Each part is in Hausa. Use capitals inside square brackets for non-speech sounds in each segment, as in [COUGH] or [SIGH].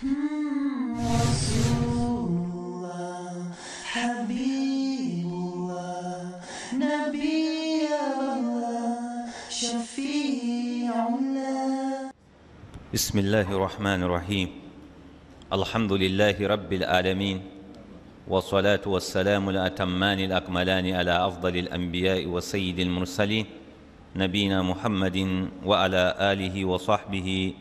رسول الله حبيب الله نبي الله شفيعنا بسم الله الرحمن الرحيم الحمد لله رب العالمين والصلاة والسلام الأتمان الأكملان على أفضل الأنبياء وسيد المرسلين نبينا محمد وعلى آله وصحبه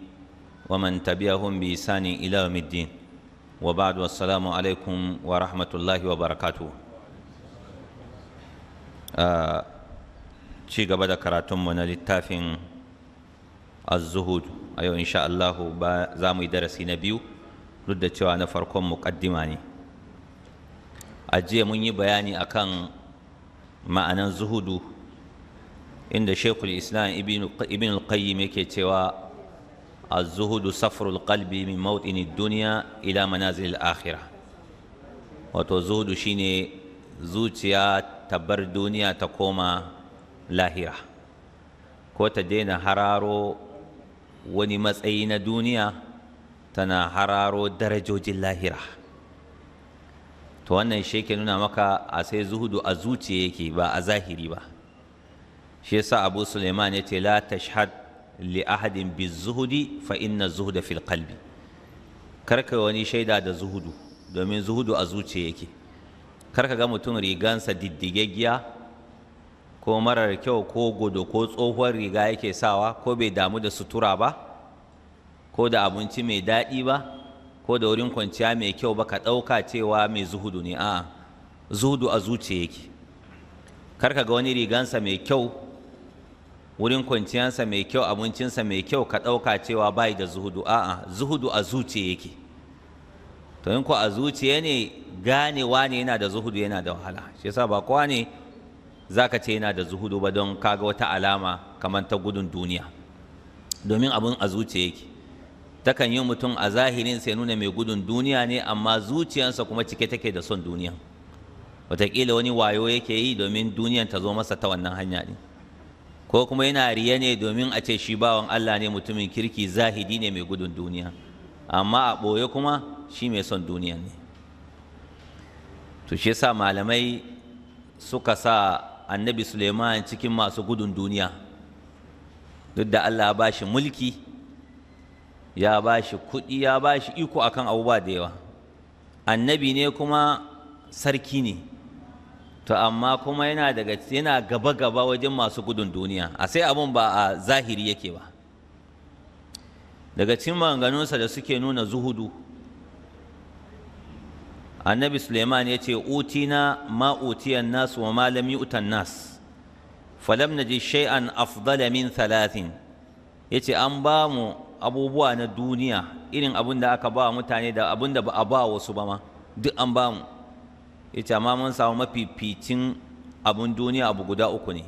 ومن تبعهم بإحسان إلى يوم الدين وبعد والسلام عليكم ورحمة الله وبركاته ci gaba da karatunmu na littafin az-zuhud a yau insha za mu yi darasi na biyu duk da cewa na farkon muƙaddima ne a jiya mun yi bayani a kan ma'anan zuhudu inda shekul islam ibn al-qayyim yake cewa الزهد سفر القلب من موطن الدنيا إلى منازل الآخرة وتزهد شيني زوجيا تبر دنيا تقوم لاهرة كوتا هرارو وني مسأين دنيا تنا هرارو درجوج اللاهرة to wannan shi ke nuna maka a sai zuhudu a zuciya yake ba a zahiri ba shi yasa abu suleiman ya ce la tashhad li ahadin bizuhudi fa inna zuhuda fil qalbi karka wani shaida da zuhudu domin zuhudu a zuciya yake karka ga mutum rigansa giya, ko marar kyau ko godo ko tsohuwar riga yake sawa ko bai damu da sutura ba ko da abinci mai daɗi ba ko da wurin kwanciya mai kyau ba ka ɗauka cewa mai zuhudu ne a'a zuhudu a zuciya yake karka ga wani rigansa mai kyau wurin kwanciyarsa mai kyau abincinsa mai kyau ka ɗauka cewa bai da zuhudu a'a zuhudu a zuciya yake to in ko a zuciya ne wa ne yana da zuhudu yana da wahala shi yasa ba kowa ne zaka ce yana da zuhudu ba don kaga wata alama kamar ta gudun duniya domin abun a zuciya yake takan yi mutum a zahirin sai nuna mai gudun duniya ne amma zuciyarsa kuma cike take da son duniya wataƙila wani wayo yake yi domin duniyan ta zo masa ta wannan hanya ne ko kuma yana riya ne domin a ce shi bawan Allah ne mutumin kirki zahidi ne mai gudun duniya amma a ɓoye kuma shi mai son duniya ne to shi yasa malamai suka sa annabi suleiman cikin masu gudun duniya duk da Allah ba shi mulki ya ba shi kuɗi ya ba shi iko akan abubuwa da yawa annabi ne kuma sarki ne to amma kuma yana daga yana gaba gaba wajen masu gudun duniya a sai abun ba a zahiri yake ba daga cikin maganganunsa da suke nuna zuhudu annabi suleiman ya ce utina ma utiyan nas wa malam lam nas falam naji shay'an afdala min thalathin ce an ba mu abubuwa na duniya irin abin da aka ba mutane da abin da ba a ba wasu ba ma duk an ba mu ce amma mun samu mafificin abun duniya abu guda uku ne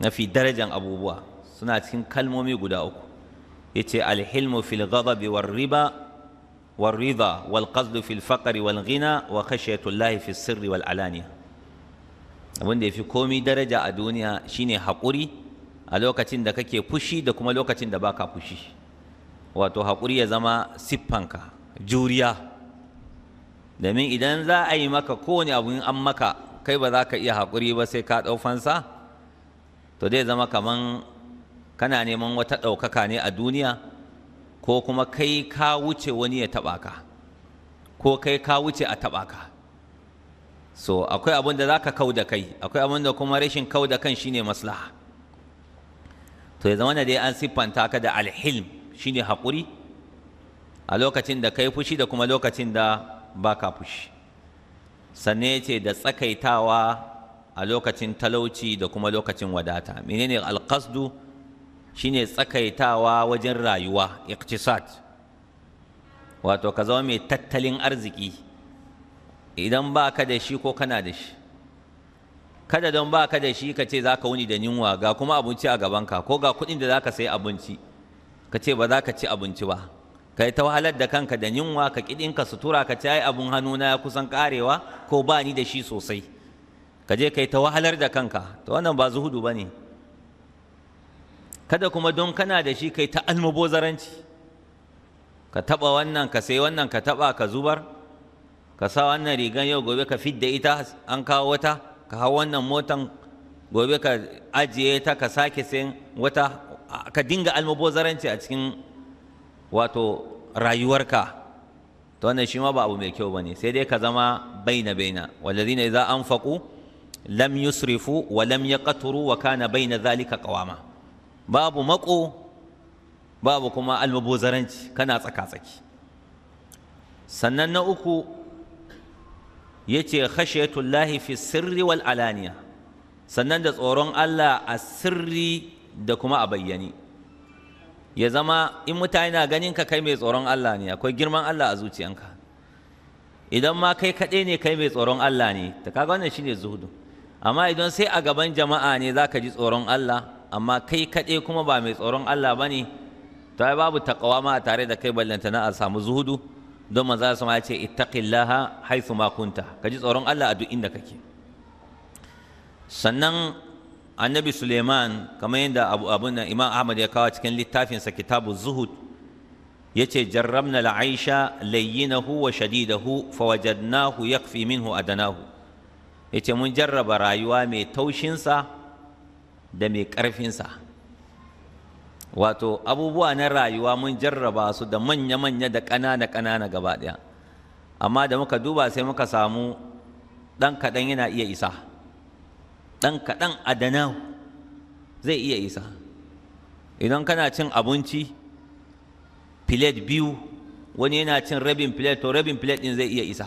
Nafi darajan abubuwa suna cikin kalmomi guda uku yace alhilmu fil ghadabi war riba war ridha wal qasd fil wal ghina wa khashyatu llahi fi sirri wal alaniya abin da yafi komai daraja a duniya shine hakuri a lokacin da kake fushi da kuma lokacin da baka fushi wato haƙuri ya zama siffanka juriya domin idan za a yi maka kowane abu in an maka kai ba za ka iya haƙuri ba sai ka ɗau fansa to zai zama kaman kana neman wata ɗaukaka ne a duniya ko kuma kai ka wuce wani ya taɓa ka ko kai ka wuce a taɓa ka so akwai abin da za ka kau da kai akwai abin da kuma rashin kau da kan shine maslaha to ya zama da dai an siffanta ka da alhilm shine haƙuri a lokacin da kai fushi da kuma lokacin da Ba ka fushi sannan ce da tsakaitawa a lokacin talauci da kuma lokacin wadata menene shi shine tsakaitawa wajen rayuwa iqtisad wato ka zama mai tattalin arziki idan baka da shi ko kana da shi kada don baka da shi ka ce za ka wuni da yunwa ga kuma abinci a gabanka ko ga kuɗin da za ka sayi abinci ka ce ba za ka ci abinci ba kai ta wahalar da kanka da yunwa ka ka sutura ka ci ai abun hannuna ya kusan karewa ko ba ni da shi sosai ka je kai ta wahalar da kanka to wannan ba zuhudu bane kada kuma don kana da shi kai ta almubozaranci ka taba wannan ka sai wannan ka taba ka zubar ka sa wannan rigan yau gobe ka fidda ita an kawo wata ka hau wannan motan gobe ka ajiye ta ka sake sayan wata ka dinga almubozaranci a cikin wato rayuwarka to wannan shi ma ba abu mai kyau ba ne sai dai ka zama baina baina wallazina idza anfaqu lam yusrifu wa lam yaqturu wa kana baina zalika qawama babu mako babu kuma almubuzaranci kana tsaka tsaki sannan na uku yace khashiyatullahi fi sirri wal alaniya sannan da tsoron Allah a sirri da kuma a bayyane ya zama in mutane na ganin ka kai mai tsoron Allah ne akwai girman Allah a zuciyanka idan ma kai kaɗai ne kai mai tsoron Allah ne ta kaga wannan shine zuhudu amma idan sai a gaban jama'a ne za ka ji tsoron Allah amma kai kaɗai kuma ba mai tsoron Allah ba ne to ai babu taqwa ma a tare da kai na a samu zuhudu don manzo su ya ce ittaqillaha haythu ma kunta ka ji tsoron Allah a duk inda kake sannan annabi suleiman kamar yadda abu abun nan imam ahmad ya kawo cikin littafinsa kitabu zuhud ya ce jarrabna la'aisha layyinahu wa shadidahu fawajadnahu yakfi minhu adanahu ya ce mun jarraba rayuwa mai taushinsa da mai ƙarfinsa wato abubuwa na rayuwa mun jarraba su da manya-manya da ƙanana-ƙanana gaba ɗaya amma da muka duba sai muka samu ɗan kaɗan yana iya isa ɗan kaɗan adana zai iya isa idan kana cin abinci filet biyu wani yana cin rabin filet to rabin filet ɗin zai iya isa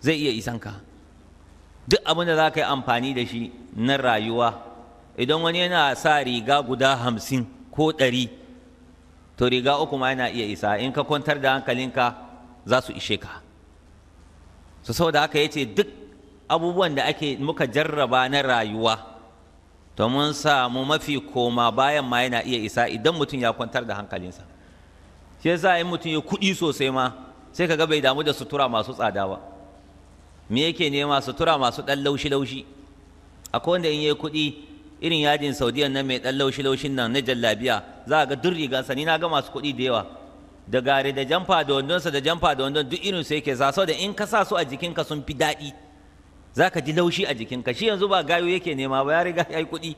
zai iya isanka duk abin da za yi amfani da shi na rayuwa idan wani yana sa riga guda hamsin ko ɗari to riga uku ma yana iya isa in ka kwantar da hankalinka za su ishe ka so saboda haka ya ce duk abubuwan da ake muka jarraba na rayuwa to mun samu mafi koma bayan ma yana iya isa idan mutum ya kwantar da hankalinsa shi yasa in mutum ya kuɗi sosai ma sai ka ga bai damu da sutura masu tsada ba me yake nema sutura masu ɗan laushi laushi akwai wanda in yi kuɗi irin yajin saudiya nan mai ɗan laushi laushin nan na jallabiya za a ga duk rigansa ni na ga masu kuɗi da yawa da gare da jamfa da wandonsa da jamfa da wandon duk irin su yake sa da in ka sa su a jikinka sun fi daɗi za ka ji laushi a jikinka shi yanzu ba gayo yake nema ba ya riga ya yi kuɗi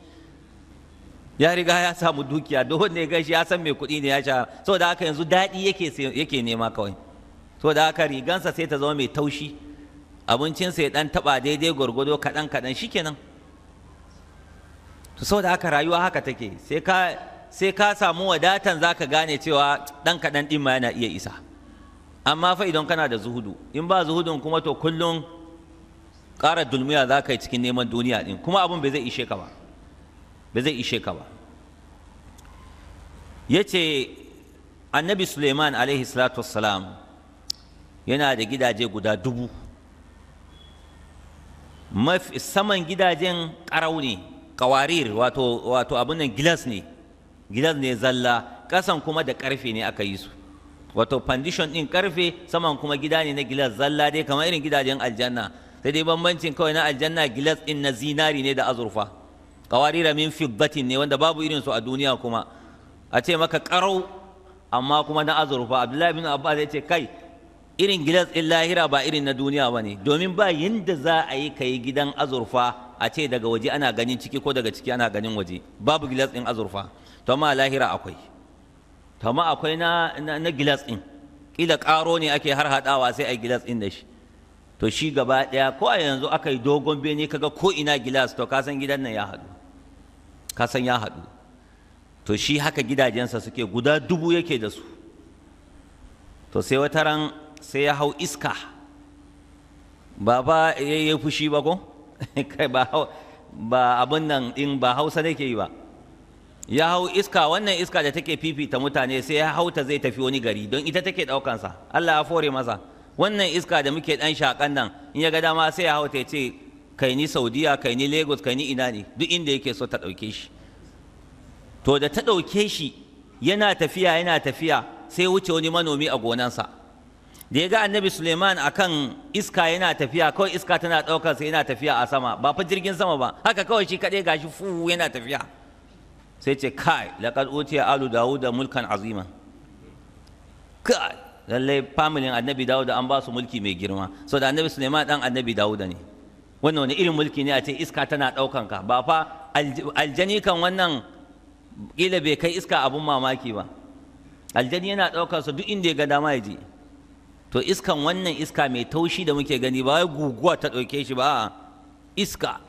ya riga ya samu dukiya duk wanda ya gashi ya san mai kuɗi ne ya sha da haka yanzu daɗi yake nema kawai da haka rigansa sai ta zama mai taushi abincinsa ya ɗan taɓa daidai gwargwado kaɗan kaɗan shikenan to da haka rayuwa haka take sai ka sai ka samu wadatan za ka gane cewa dan kaɗan ɗin ma yana iya isa amma fa idan kana da zuhudu in ba zuhudun kuma to kullum ƙara dulmiya za ka yi cikin neman duniya ɗin kuma abin bai zai ishe ka ba bai zai ishe ka ba ya ce annabi suleiman alaihi salatu wassalam yana da gidaje guda dubu saman gidajen ƙarau ne ƙawarir wato abin nan gilas ne gilas ne zalla ƙasan kuma da ƙarfe ne aka yi su wato foundation ɗin ƙarfe saman kuma gida ne na gilas zalla dai kamar irin gidajen aljanna sai dai bambancin kawai na aljanna gilas din na zinari ne da azurfa Kawarira min fiddatin ne wanda babu irin su a duniya kuma a ce maka karau amma kuma na azurfa abdullahi bin abbas ya ce kai irin gilas din lahira ba irin na duniya ne. domin ba yanda za a yi kai gidan azurfa a ce daga waje ana ganin ciki ko daga ciki ana ganin waje babu gilas din azurfa to amma lahira akwai to amma akwai na na, gilas din kila ƙaro ne ake har haɗawa sai a gilas din da shi to shi gaba ɗaya ko a yanzu aka yi dogon bene kaga ko ina gilas to kasan gidan nan ya haɗu kasan ya haɗu to shi haka gidajensa suke guda dubu yake da su to sai wata ran sai ya hau iska ba ba ya yi fushi ba ko [LAUGHS] kai ba abin nan ɗin ba hausa nake yi ba ya hau iska wannan iska da take fifita mutane sai ya hau zai tafi wani gari don ita take ɗaukansa Allah ya fore masa wannan iska da muke dan shakan nan in ya ga dama sai ya hauta ya ce kai ni saudiya kai ni lagos kai ni ina ne duk inda yake so ta ɗauke shi to da ta ɗauke shi yana tafiya yana tafiya sai wuce wani manomi a gonansa da ya ga annabi suleiman akan iska yana tafiya kawai iska tana ɗaukar sai yana tafiya a sama ba fa jirgin sama ba haka kawai shi kaɗai gashi fu yana tafiya sai ce kai laqad utiya alu dawuda mulkan azima kai lallai familin annabi dawuda an ba su mulki mai girma so da annabi suleiman dan annabi dawuda ne wannan wani irin mulki ne a ce iska tana ɗaukan ka ba fa aljani kan wannan ƙila bai kai iska abun mamaki ba aljani yana ɗaukar su duk inda ya ga dama ya je to iskan wannan iska mai taushi da muke gani ba guguwa ta ɗauke shi ba iska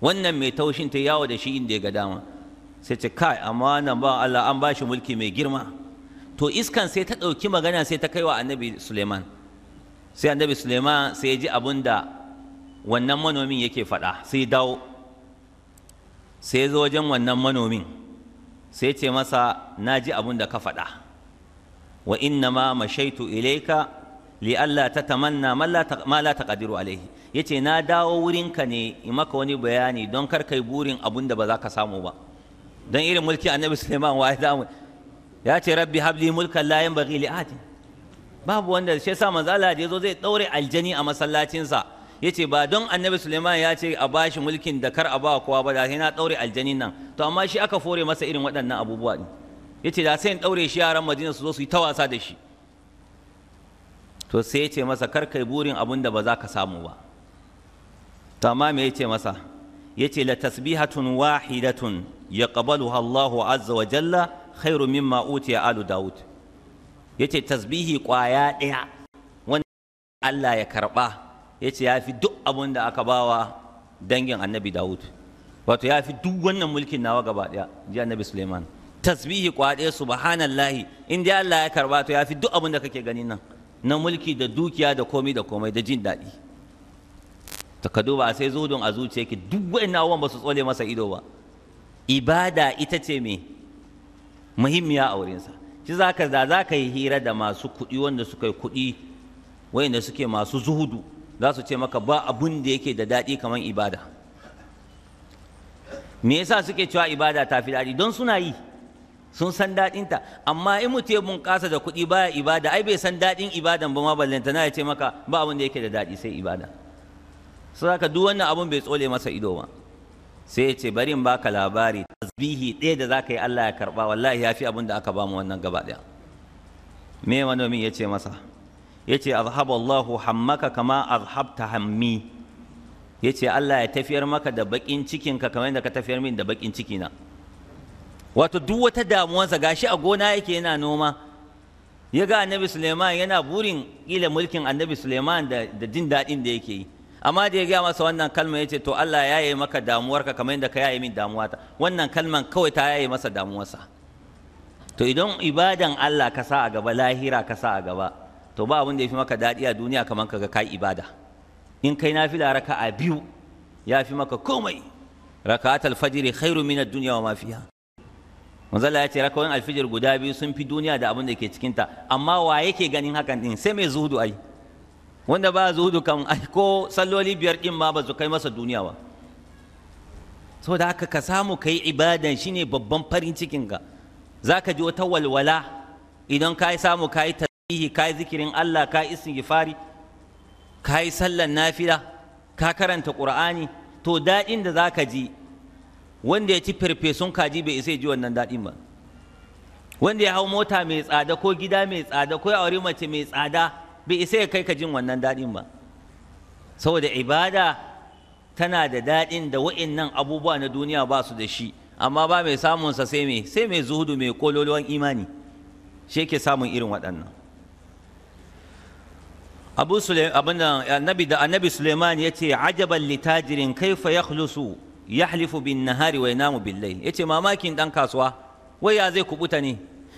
wannan mai taushin ta yawo da shi inda ya ga dama sai ce kai amma nan ba Allah an ba shi mulki mai girma to iskan sai ta ɗauki magana sai ta kai wa annabi suleiman sai annabi suleiman sai ya ji abin da wannan manomin yake faɗa sai dawo sai zo wajen wannan manomin sai ce masa na ji abin da ka faɗa wa inna ma mashaitu ilaika li Allah ta tamanna ma la ƙadiru alaihi ce na dawo wurinka ne in maka wani bayani don kar kai burin abin da ba za ka samu ba don irin mulki annabi Suleiman wa ya ya ce rabbi habli mulkan la yanbaghi li babu wanda shi yasa manzo Allah da zo zai daure aljani a masallacinsa yace ba don annabi Suleiman ya ce a bashi mulkin da kar a ba kowa ba da sai na daure aljanin nan to amma shi aka fore masa irin waɗannan abubuwa din yace da sai in daure shi yaran Madina su zo su yi ta wasa da shi to sai yace masa kar kai burin abin da ba za ka samu ba to amma me yace masa yace la tasbihatun wahidatun yaqbaluha Allahu azza wa jalla khairu mimma utiya alu daud yace tasbihi kwaya daya wanda Allah ya karba yace yafi duk abun da aka bawa dangin annabi daud wato yafi duk wannan mulkin nawa gaba daya ji annabi suleiman tasbihi kwaya daya subhanallahi in dai Allah ya karba to yafi duk abun da kake ganin nan na mulki da dukiya da komai da komai da jin daɗi ka duba sai zuhudun a zuciyarki duk wa'in abubuwan ba su tsole masa ido ba ibada ita ce me muhimmiya a wurinsa shi za ka da za yi hira da masu kuɗi wanda suka yi kuɗi wanda suke masu zuhudu za su ce maka ba abun da yake da daɗi kamar ibada me yasa suke cewa ibada ta fi daɗi don suna yi sun san daɗinta amma in mutum ya bunƙasa da kuɗi baya ibada ai bai san daɗin ibadan ba ma ballanta na ya ce maka ba abun da yake da daɗi sai ibada saboda duk wannan abun bai tsole masa ido ba sai ya ce bari in baka labari tasbihi ɗaya da zaka yi Allah ya karba wallahi yafi abin da aka bamu wannan gaba ɗaya me manomin ya ce masa ya ce azhaba Allahu hammaka kama azhabta hammi ya ce Allah ya tafiyar maka da bakin cikinka kamar yadda ka tafiyar min da bakin cikina wato duk wata damuwarsa gashi a gona yake yana noma ya ga annabi suleiman yana burin ƙila mulkin annabi suleiman da jin daɗin da yake yi amma da ya gaya masa wannan kalma ya ce to Allah ya yi maka damuwarka kamar yadda ka yi min damuwata wannan kalman kawai ta yi masa damuwarsa to idan ibadan Allah ka sa a gaba lahira ka sa a gaba to ba abin da ya fi maka daɗi a duniya kamar ka ga kai ibada in kai nafila raka a biyu ya fi maka komai raka'at alfajiri khairu min ad-dunya wa ma fiha manzala ya ce rakawoyin alfijir guda biyu sun fi duniya da abin da ke cikinta amma wa yake ganin hakan din sai mai zuhudu ai wanda ba zuhudu kan ko salloli biyar din ma ba su kai masa duniya ba saboda haka ka samu ka yi ibadan shine babban farin cikin ka za ka ji wata walwala idan ka yi samu ka yi tasbihi ka yi zikirin Allah ka yi istighfari ka yi sallan nafila ka karanta qur'ani to daɗin da za ka ji wanda ya ci farfesun kaji bai isa ji wannan daɗin ba wanda ya hau mota mai tsada ko gida mai tsada ko ya auri mace mai tsada bai isa ya kai ka jin wannan daɗin ba saboda ibada tana da daɗin da wa'innan abubuwa na duniya ba su da shi amma ba mai samunsa sai mai sai mai zuhudu mai kololuwan imani shi yake samun irin waɗannan abu annabi da annabi suleiman ya ce ajaban litajirin kaifa yakhlusu yahlifu bin nahari wa yanamu billai ya ce mamakin ɗan kasuwa wai ya zai kubuta ne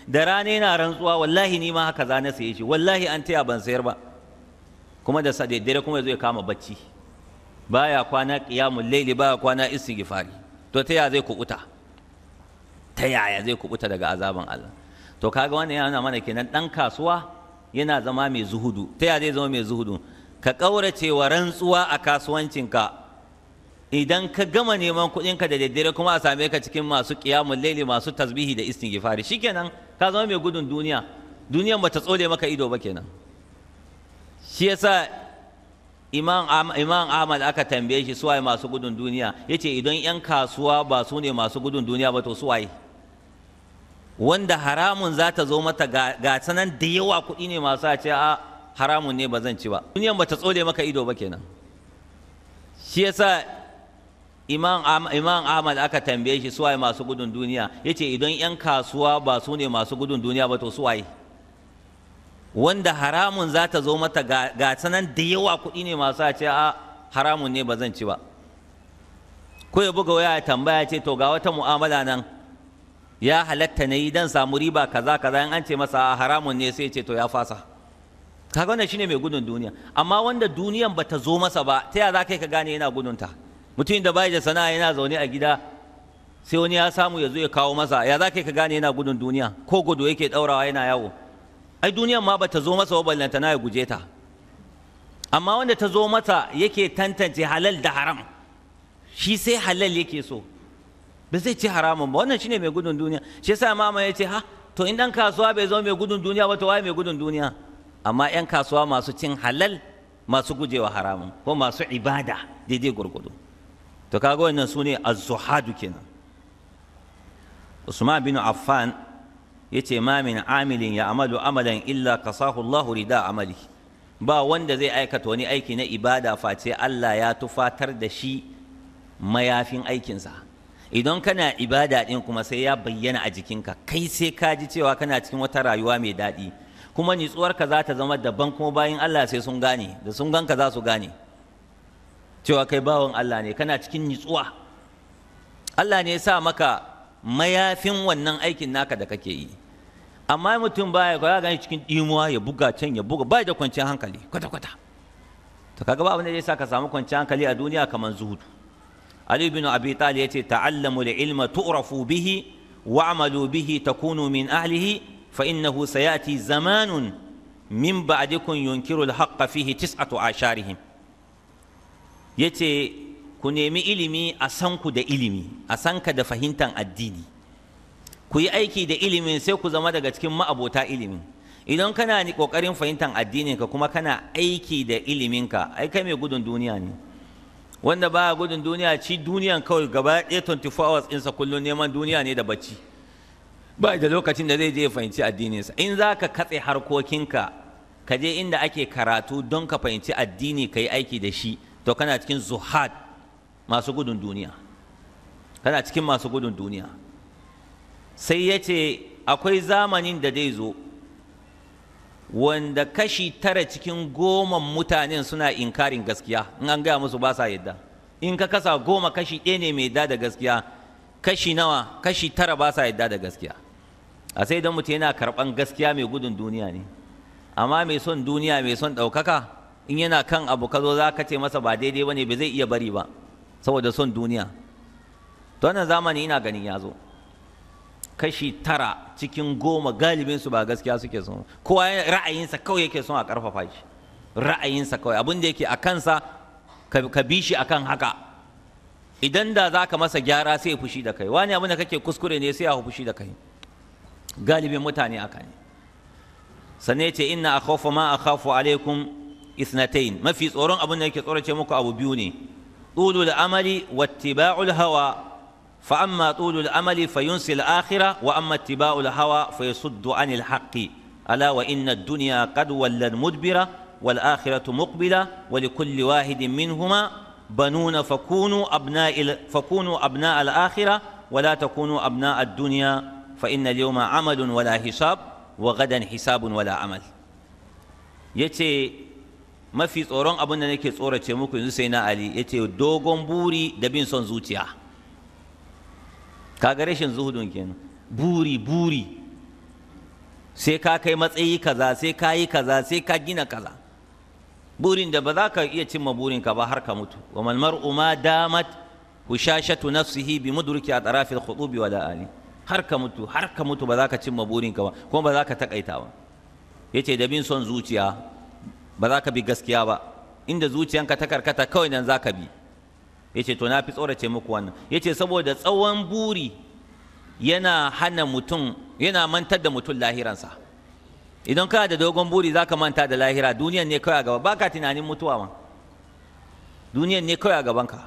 da rana yana rantsuwa wallahi ni ma haka za na saye shi wallahi an taya ban sayar ba kuma da dare kuma zai kama bacci baya kwana qiyamul layli baya kwana istighfari to taya zai kubuta ta yaya zai kubuta daga azaban Allah to kaga wannan yana mana kenan dan kasuwa yana zama mai zuhudu ta zai zama mai zuhudu ka kaurace wa rantsuwa a kasuwancinka idan ka gama neman kuɗinka da daddare kuma a same ka cikin masu ƙiyamun laili masu tasbihi da istighfari shikenan ka zama mai gudun duniya duniyan ta tsole maka ido ba kenan shi yasa imam imam Ahmad aka tambaye shi suwaye masu gudun duniya yace idan yan kasuwa ba su ne masu gudun duniya ba to suwaye wanda haramun za ta zo mata ga sanan da yawa kuɗi ne masu a ce a haramun ne ba zan ci ba duniyan ta tsole maka ido ba kenan shi yasa imam ahmad aka tambaye shi suwaye masu gudun duniya ya ce idan 'yan kasuwa ba su ne masu gudun duniya ba to suwaye wanda haramun za ta zo mata ga sanan da yawa kuɗi ne masu a ce a haramun ne ba zan ci ba ko ya buga waya tambaya ce to ga wata mu'amala nan ya halatta na yi dan samu riba kaza kaza in an ce masa a haramun ne sai ce to ya fasa kaga wannan shine mai gudun duniya amma wanda duniyan bata zo masa ba ta ya za kai ka gane yana gudunta ta mutumin da bai da sana'a yana zaune a gida sai wani ya samu ya zo ya kawo masa ya za ka gane yana gudun duniya ko gudu yake ɗaurawa yana yawo ai duniyan ma bata zo masa ballanta na ya guje ta amma wanda ta zo masa yake tantance halal da haram shi sai halal yake so ba zai ci haramun ba wannan shine mai gudun duniya shi yasa mama ya ce ha to in dan kasuwa bai zama mai gudun duniya ba to waye mai gudun duniya amma yan kasuwa masu cin halal masu gujewa haramun ko masu ibada daidai gurgudu to kaga wannan su ne az-zuhadu kenan Usman bin Affan yace ma min amilin ya amalu amalan illa kasahu allahu rida amali ba wanda zai aikata wani aiki na ibada face Allah ya tufatar da shi mayafin aikinsa idan kana ibada ɗin kuma sai ya bayyana a jikinka kai sai ka ji cewa kana cikin wata rayuwa mai daɗi kuma nitsuwarka za ta zama daban kuma bayan Allah sai sun gane da sun ganka za su gane cewa kai bawan Allah ne kana cikin nitsuwa Allah ne ya sa maka mayafin wannan aikin naka da kake yi amma mutum baya ya gani cikin dimuwa ya buga can ya buga baya da kwanciyar hankali kwata kwata to kaga ba abin da zai sa ka samu kwanciyar hankali a duniya kamar zuhudu Ali ibn Abi Talib yace ta'allamu al-ilma tu'rafu bihi wa'malu bihi takunu min ahlihi fa innahu sayati zamanun min ba'dikum yunkiru al-haqqa fihi tis'atu asharihim Ya ce ku nemi ilimi a san ku da ilimi a san ka da fahimtar addini ku yi aiki da ilimin sai ku zama daga cikin ma'abota ilimi idan kana ni kokarin fahimtar addinin ka kuma kana aiki da ilimin ka ai kai mai gudun duniya ne wanda ba gudun duniya ci duniyan kawai gaba ɗaya 24 hours sa kullum neman duniya ne da bacci ba da lokacin da zai je fahimci fahimci addininsa in zaka katse harkokinka ka je inda ake karatu don ka fahimci addini ka yi aiki da shi to kana cikin zuhad masu gudun duniya kana cikin masu gudun duniya sai ya ce akwai zamanin da zai zo wanda kashi tara cikin goma mutanen suna inkarin gaskiya in an gaya musu ba sa yadda in ka kasa goma kashi ɗaya ne mai da gaskiya kashi nawa kashi tara ba sa yadda da gaskiya a sai don mutum yana karɓan gaskiya mai gudun duniya ne amma mai son duniya mai son ɗaukaka in yana kan abu ka zo za ka ce masa ba daidai ba ne ba zai iya bari ba saboda son duniya to wannan zamani ina ganin ya zo kashi tara cikin goma galibinsu ba gaskiya suke son kowa ra'ayinsa kawai yake son a karfafa shi ra'ayinsa kawai abin da yake a kansa ka bi shi akan haka idan da za ka masa gyara sai fushi da kai wani abin da kake kuskure ne sai ya fushi da kai galibin mutane aka ne sannan ya ce inna akhafu ma akhafu alaikum اثنتين ما في tsoron abin da yake tsorace muku abu biyu ne tulul amali wattiba'ul hawa fa amma tulul amali fayunsi al-akhira wa amma ittiba'ul hawa fayasuddu anil haqqi ala wa inna ad-dunya qad wallan mudbira wal akhiratu muqbila wa likulli wahidin minhuma banuna fakunu abna'il fakunu abna'al akhirah wa la takunu abna'ad dunya fa inna al-yawma amalun wala hisab wa gadan hisabun wala amal yace mafi tsoron abin da nake tsorace muku yanzu sai na ali ya ce dogon buri da bin son zuciya kaga rashin zuhudun kenan buri buri sai ka kai matsayi kaza sai ka yi kaza sai ka gina kaza burin da ba za ka iya cimma burinka ba har ka mutu wa mal mar'u ma damat hushashatu nafsihi bi mudriki atrafil khutubi wa da'ali har ka mutu har ka mutu ba za ka cimma burinka ba kuma ba za ka takaita ba yace da bin son zuciya ba za ka bi gaskiya ba inda zuciyanka ta karkata kawai nan za ka bi ya ce to na fi tsorace muku wannan ya ce saboda tsawon buri yana hana mutum yana mantar da mutum lahiransa idan kana da dogon buri za ka manta da lahira duniyan ne kawai a gaba ba ka tunanin mutuwa ma duniyan ne kawai a gabanka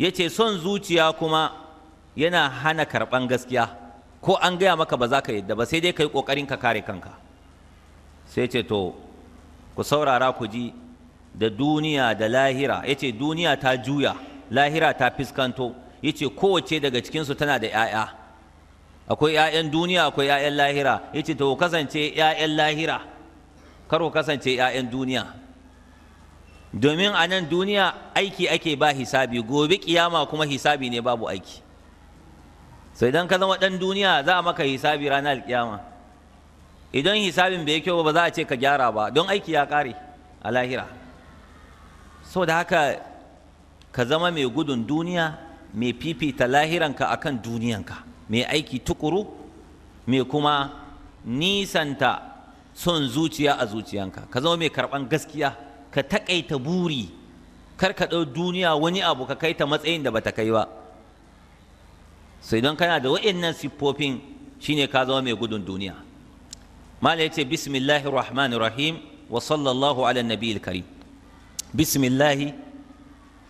ya ce son zuciya kuma yana hana karɓan gaskiya ko an gaya maka ba za ka yadda ba sai dai ka yi ƙoƙarin ka kare kanka sai ce to ku saurara ku ji da duniya da lahira Ya ce duniya ta juya lahira ta fiskanto Ya yace kowace daga cikinsu tana da 'ya'ya akwai 'ya'yan duniya akwai 'ya'yan lahira Ya ce to kasance 'ya'yan lahira karo kasance 'ya'yan duniya domin a nan duniya aiki ake ba hisabi gobe kiyama kuma hisabi ne babu aiki sai idan ka zama ɗan duniya za a maka hisabi ranar kiyama idan hisabin bai kyau ba za a ce ka gyara ba don aiki ya ƙare a lahira so da haka ka zama mai gudun duniya mai fifita lahiranka a kan duniyanka mai aiki tukuru mai kuma nisanta son zuciya a zuciyanka ka zama mai karɓan gaskiya ka taƙaita buri kar ka ɗau duniya wani abu ka kai ta matsayin da bata kai ba sai don kana da wa'innan siffofin shine ka zama mai gudun duniya mala yace bismillahir rahmanir rahim wa sallallahu ala nabiyil karim bismillahi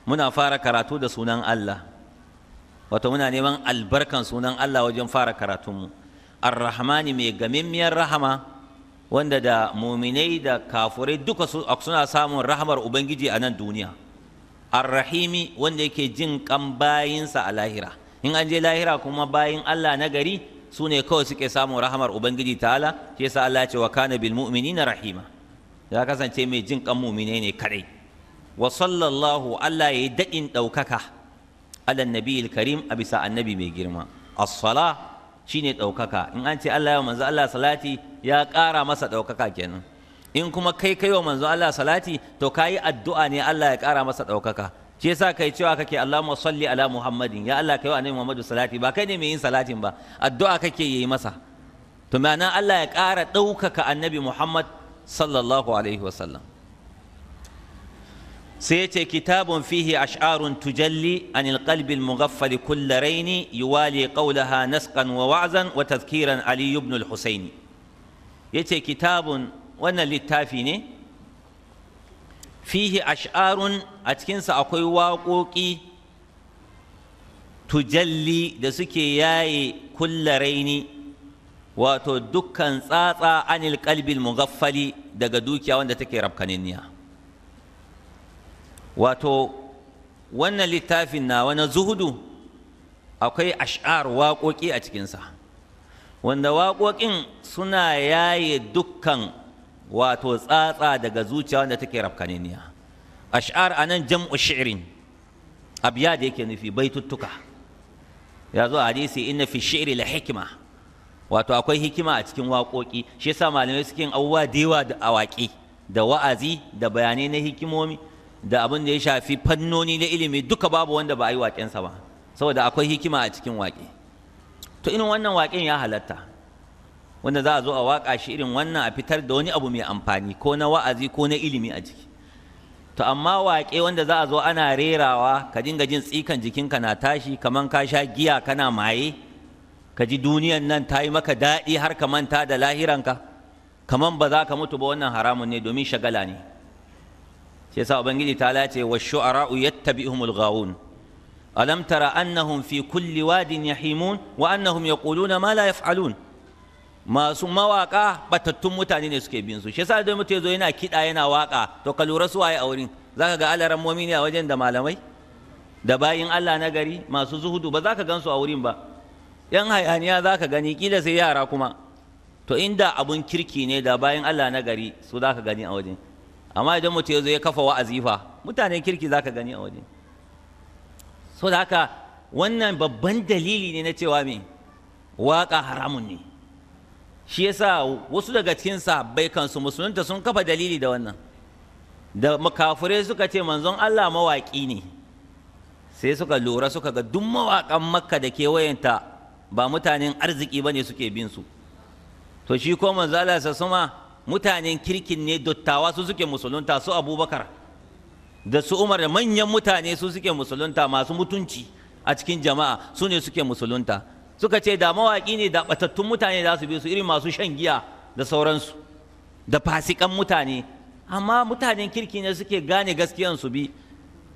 muna fara karatu da sunan Allah wato muna neman albarkan sunan Allah wajen fara karatunmu arrahmani mai gamimmiyar rahama wanda da muminai da kafurai duka suna samun rahamar ubangiji a nan duniya arrahimi wanda yake jin kan bayinsa a lahira in an je lahira kuma bayin Allah na gari su ne kawai suke samun rahamar ubangiji ta'ala shi yasa Allah ya ce wa kana bil mu'minina rahima ya kasance mai jin kan mu'mine ne kadai wa sallallahu Allah ya yi daɗin ɗaukaka alan nabiyil karim a bisa annabi mai girma as-sala shine ɗaukaka in an ce Allah ya manzo Allah salati ya ƙara masa ɗaukaka kenan in kuma kai kai wa manzo Allah salati to kayi addu'a ne Allah ya ƙara masa ɗaukaka shi yasa kai cewa kake Allahumma salli ala Muhammadin ya Allah kai wa annabi Muhammadu salati ba kai ne mai yin salatin ba addu'a kake yi masa to ma'ana Allah ya ƙara ɗaukaka annabi Muhammad sallallahu alaihi wasallam sai ya ce kitabun fihi ash'arun tujalli anil qalbi al-mughaffal raini yuwali qawlaha nasqan wa wa'zan wa tazkiran Ali ibn al-Husaini yace kitabun wannan littafi ne fihi ash'arun a cikinsa akwai waƙoƙi tujalli da suke yaye kulla raini wato dukkan tsatsa anil kalbil mugaffali daga dukiya wanda take rafkaninniya wato wannan littafin na wani zuhudu akwai ash'ar waƙoƙi a cikinsa wanda waƙoƙin suna yaye dukkan wato tsatsa daga zuciya wanda take rafkaniniya ash'ar anan jam'u shi'rin abiya da yake nufi baituttuka ya zo a hadisi inna fi shi'ri la hikima. wato akwai hikima a cikin waƙoƙi shi yasa malamai suke abubuwa da yawa da awaƙi da wa'azi da bayanai na hikimomi da abin da ya shafi fannoni na ilimi duka babu wanda ba a yi waƙensa ba saboda akwai hikima a cikin waƙe to irin wannan waƙen ya halatta wanda za a zo a waka shi irin wannan a fitar da wani abu mai amfani ko na wa'azi ko na ilimi a jiki to amma waƙe wanda za a zo ana rerawa ka dinga jin tsikan jikinka na tashi kaman ka sha giya kana maye ka ji duniyan nan ta yi maka daɗi har ka manta da lahiranka kaman ba za ka mutu ba wannan haramun ne domin shagala ne shi yasa ubangiji ta lace wa shu'ara'u yattabi'uhumul ghawun alam tara annahum fi kulli wadin yahimun wa annahum yaquluna ma la yaf'alun masu mawaƙa batattun mutane ne suke bin su shi yasa da mutum zo yana kiɗa yana waƙa to ka lura su waye a wurin zaka ga alaran ne a wajen da malamai da bayin Allah na gari masu zuhudu ba za ka gansu a wurin ba yan hayaniya za ka gani kila sai yara kuma to inda abun kirki ne da bayin Allah na gari su za ka gani a wajen amma idan mutum zo ya kafa wa'azifa mutanen kirki za ka gani a wajen so da haka wannan babban dalili ne na cewa me waƙa haramun ne shi yasa wasu daga cikin sahabbai kansu musulunta sun kafa dalili da wannan da makafure suka ce manzon Allah mawaƙi ne sai suka lura suka ga duk mawakan makka da kewayenta ba mutanen arziki ba ne suke bin su to shi ko manzo Allah suma mutanen kirkin ne dottawa su suke musulunta su abubakar da su umar da manyan mutane su suke musulunta masu mutunci a cikin jama'a su ne suke musulunta suka ce da mawaƙi ne da batattun mutane za su bi su irin masu shan giya da sauransu da fasikan mutane amma mutanen kirki ne suke gane gaskiyan su bi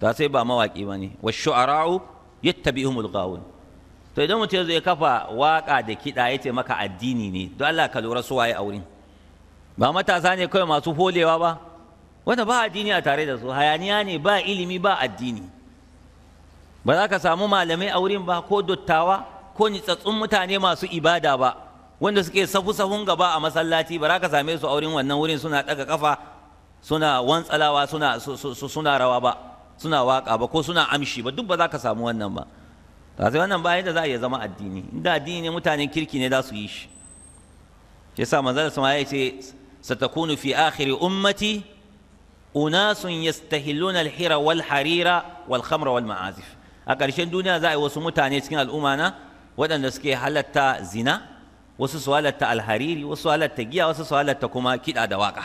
ta sai ba mawaƙi ba ne wa shu'ara'u yattabi'umul ghawun to idan mutum zai kafa waƙa da kiɗa ya ce maka addini ne don Allah ka lura su waye a wurin ba matasa ne kawai masu holewa ba wanda ba addini a tare da su hayaniya ne ba ilimi ba addini ba za ka samu malamai a wurin ba ko dottawa ko nitsatsun mutane masu ibada ba wanda suke safu safun gaba a masallaci ba za ka same su a wurin wannan wurin suna ɗaga kafa suna wantsalawa suna suna rawa ba suna waka ba ko suna amshi ba duk ba za ka samu wannan ba ta sai wannan bayan da za a iya zama addini inda addini ne mutane kirki ne za su yi shi yasa manzon sama ya ce satakunu fi akhiri ummati unasun yastahilluna alhira wal harira wal khamra wal ma'azif a ƙarshen duniya za a yi wasu mutane cikin al'umma na waɗanda suke halatta zina wasu su halatta alhariri wasu halatta giya wasu su halatta kuma kiɗa da waƙa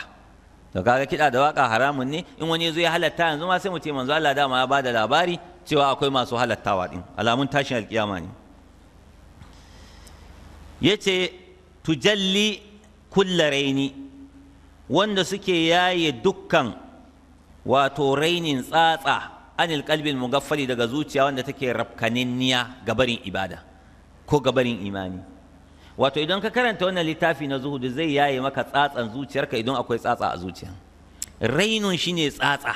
to kaga kiɗa da waƙa haramun ne in wani zo ya halatta yanzu ma sai mu ce manzo Allah dama ya bada labari cewa akwai masu halattawa din alamun tashin alƙiyama ne yace tujalli kulla raini wanda suke yaye dukkan wato rainin tsatsa anil qalbil mugaffali daga zuciya wanda take rafkaninniya barin ibada ko gabarin imani wato idan ka karanta wannan littafi na zuhudu zai yaye maka tsatsan zuciyarka idan akwai tsatsa a zuciya rainun shine tsatsa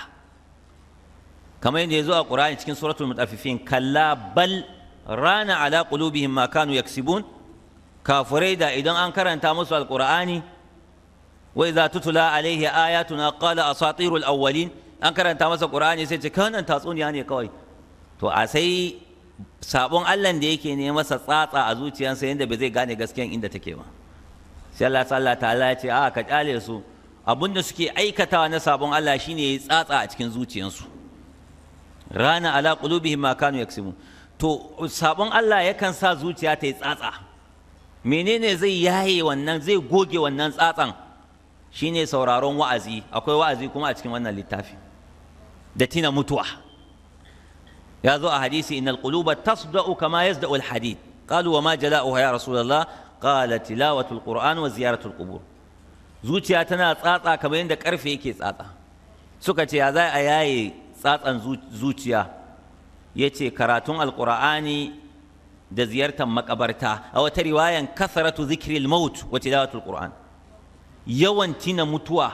kamar yadda ya zo a ƙur'ani cikin suratul mutaffifin kalla bal rana ala qulubihim ma kanu yaksibun kafirai da idan an karanta musu alqur'ani wa idza tutula alaihi ayatuna qala asatirul awwalin an karanta masa qur'ani sai ce kanan tatsuniya ne kawai to a sai sabon Allah da yake ne masa tsatsa a zuciyarsa yadda ba zai gane gaskiyan inda take ba sai Allah ta'ala ta'ala ya ce a ka kyale su abin da suke aikatawa na sabon Allah shine ya tsatsa a cikin zuciyarsu rana ala qulubihim ma kanu yaksibu to sabon Allah yakan sa zuciya ta yi tsatsa menene zai yaye wannan zai goge wannan tsatsan shine sauraron wa'azi akwai wa'azi kuma a cikin wannan littafi da tina mutuwa ya zo a hadisi innal quluba tasda'u kama yazda'u al-hadid qalu wa ma jala'uha ya rasulullah qala tilawatul qur'an wa ziyaratul zuciya tana tsatsa kamar yadda karfe yake tsatsa suka ce a za a yaye tsatsan zuciya ya ce karatun alkur'ani da ziyartar makabarta a wata riwayan kasaratu zikiril maut wa tilawatul qur'an yawan tina mutuwa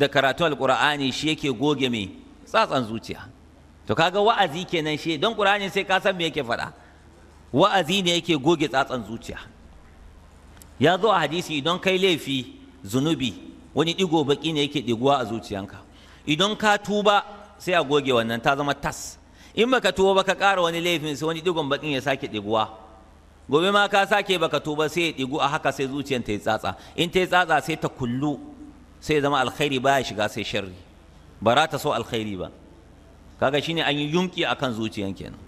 da karatun alkur'ani shi yake goge mai tsatsan zuciya to kaga wa'azi kenan shi don qur'anin sai ka san me yake faɗa wa'azi ne yake goge tsatsan zuciya ya zo a hadisi idan kai laifi zunubi wani digo baki ne yake diguwa a zuciyanka idan ka tuba sai a goge wannan ta zama tas in baka tuba baka ƙara wani laifin sai wani digon bakin ya sake diguwa gobe ma ka sake baka tuba sai ya digu a haka sai zuciyar ta yi tsatsa in ta yi tsatsa sai ta kullu sai zama alkhairi baya shiga sai sharri ba za ta so alkhairi ba kaga shine an yi yunki akan zuciyan kenan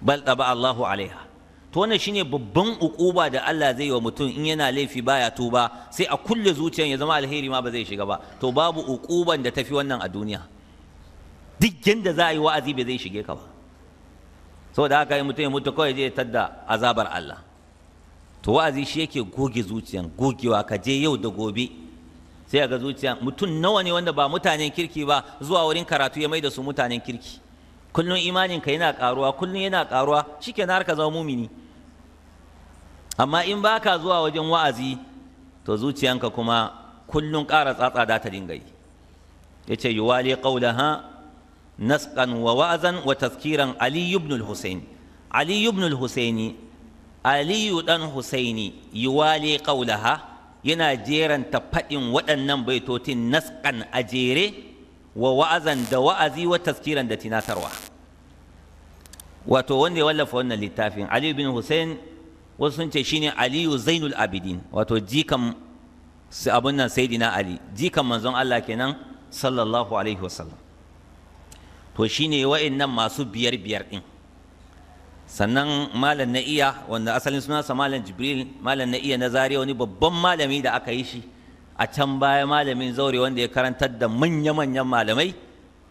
bal taba Allahu alaiha to wannan shine babban ukuba da Allah zai yi wa mutum in yana laifi baya tuba sai a kulle zuciyan ya zama alheri ma ba zai shiga ba to babu ukuban da tafi wannan a duniya duk yanda za a yi wa'azi bai zai shige ka ba saboda haka yi mutum ya mutu kawai zai tadda azabar Allah to wa'azi shi yake goge zuciyan gogewa ka je yau da gobe sai ga zuciya mutum nawa ne wanda ba mutanen kirki ba zuwa wurin karatu ya mai da su mutanen kirki kullum imanin ka yana karuwa kullum yana karuwa shikenan har ka zama mumini amma in baka zuwa wajen wa'azi to zuciyanka kuma kullum ƙara tsatsa da ta dinga yi yace wali qawlaha nasqan wa wa'azan wa tazkiran ali ibn al-husayn ali ibn al-husaini ali dan husaini wali qawlaha yana jeranta faɗin waɗannan baitotin naskan a jere wa wa'azan da wa'azi wa taskiran da tinatarwa wato wanda ya wallafa wannan littafin aliyu bin hussein wasu sun ce shine aliyu zainul abidin wato jikan abun nan saidina ali jikan manzon allah kenan sallallahu alaihi wasallam to shine wa'annan masu biyar biyar ɗin. sannan malam na iya wanda asalin sunansa malam jibril malam na iya na zariya wani babban malami da aka yi shi a can baya malamin zaure wanda ya karantar da manya-manyan malamai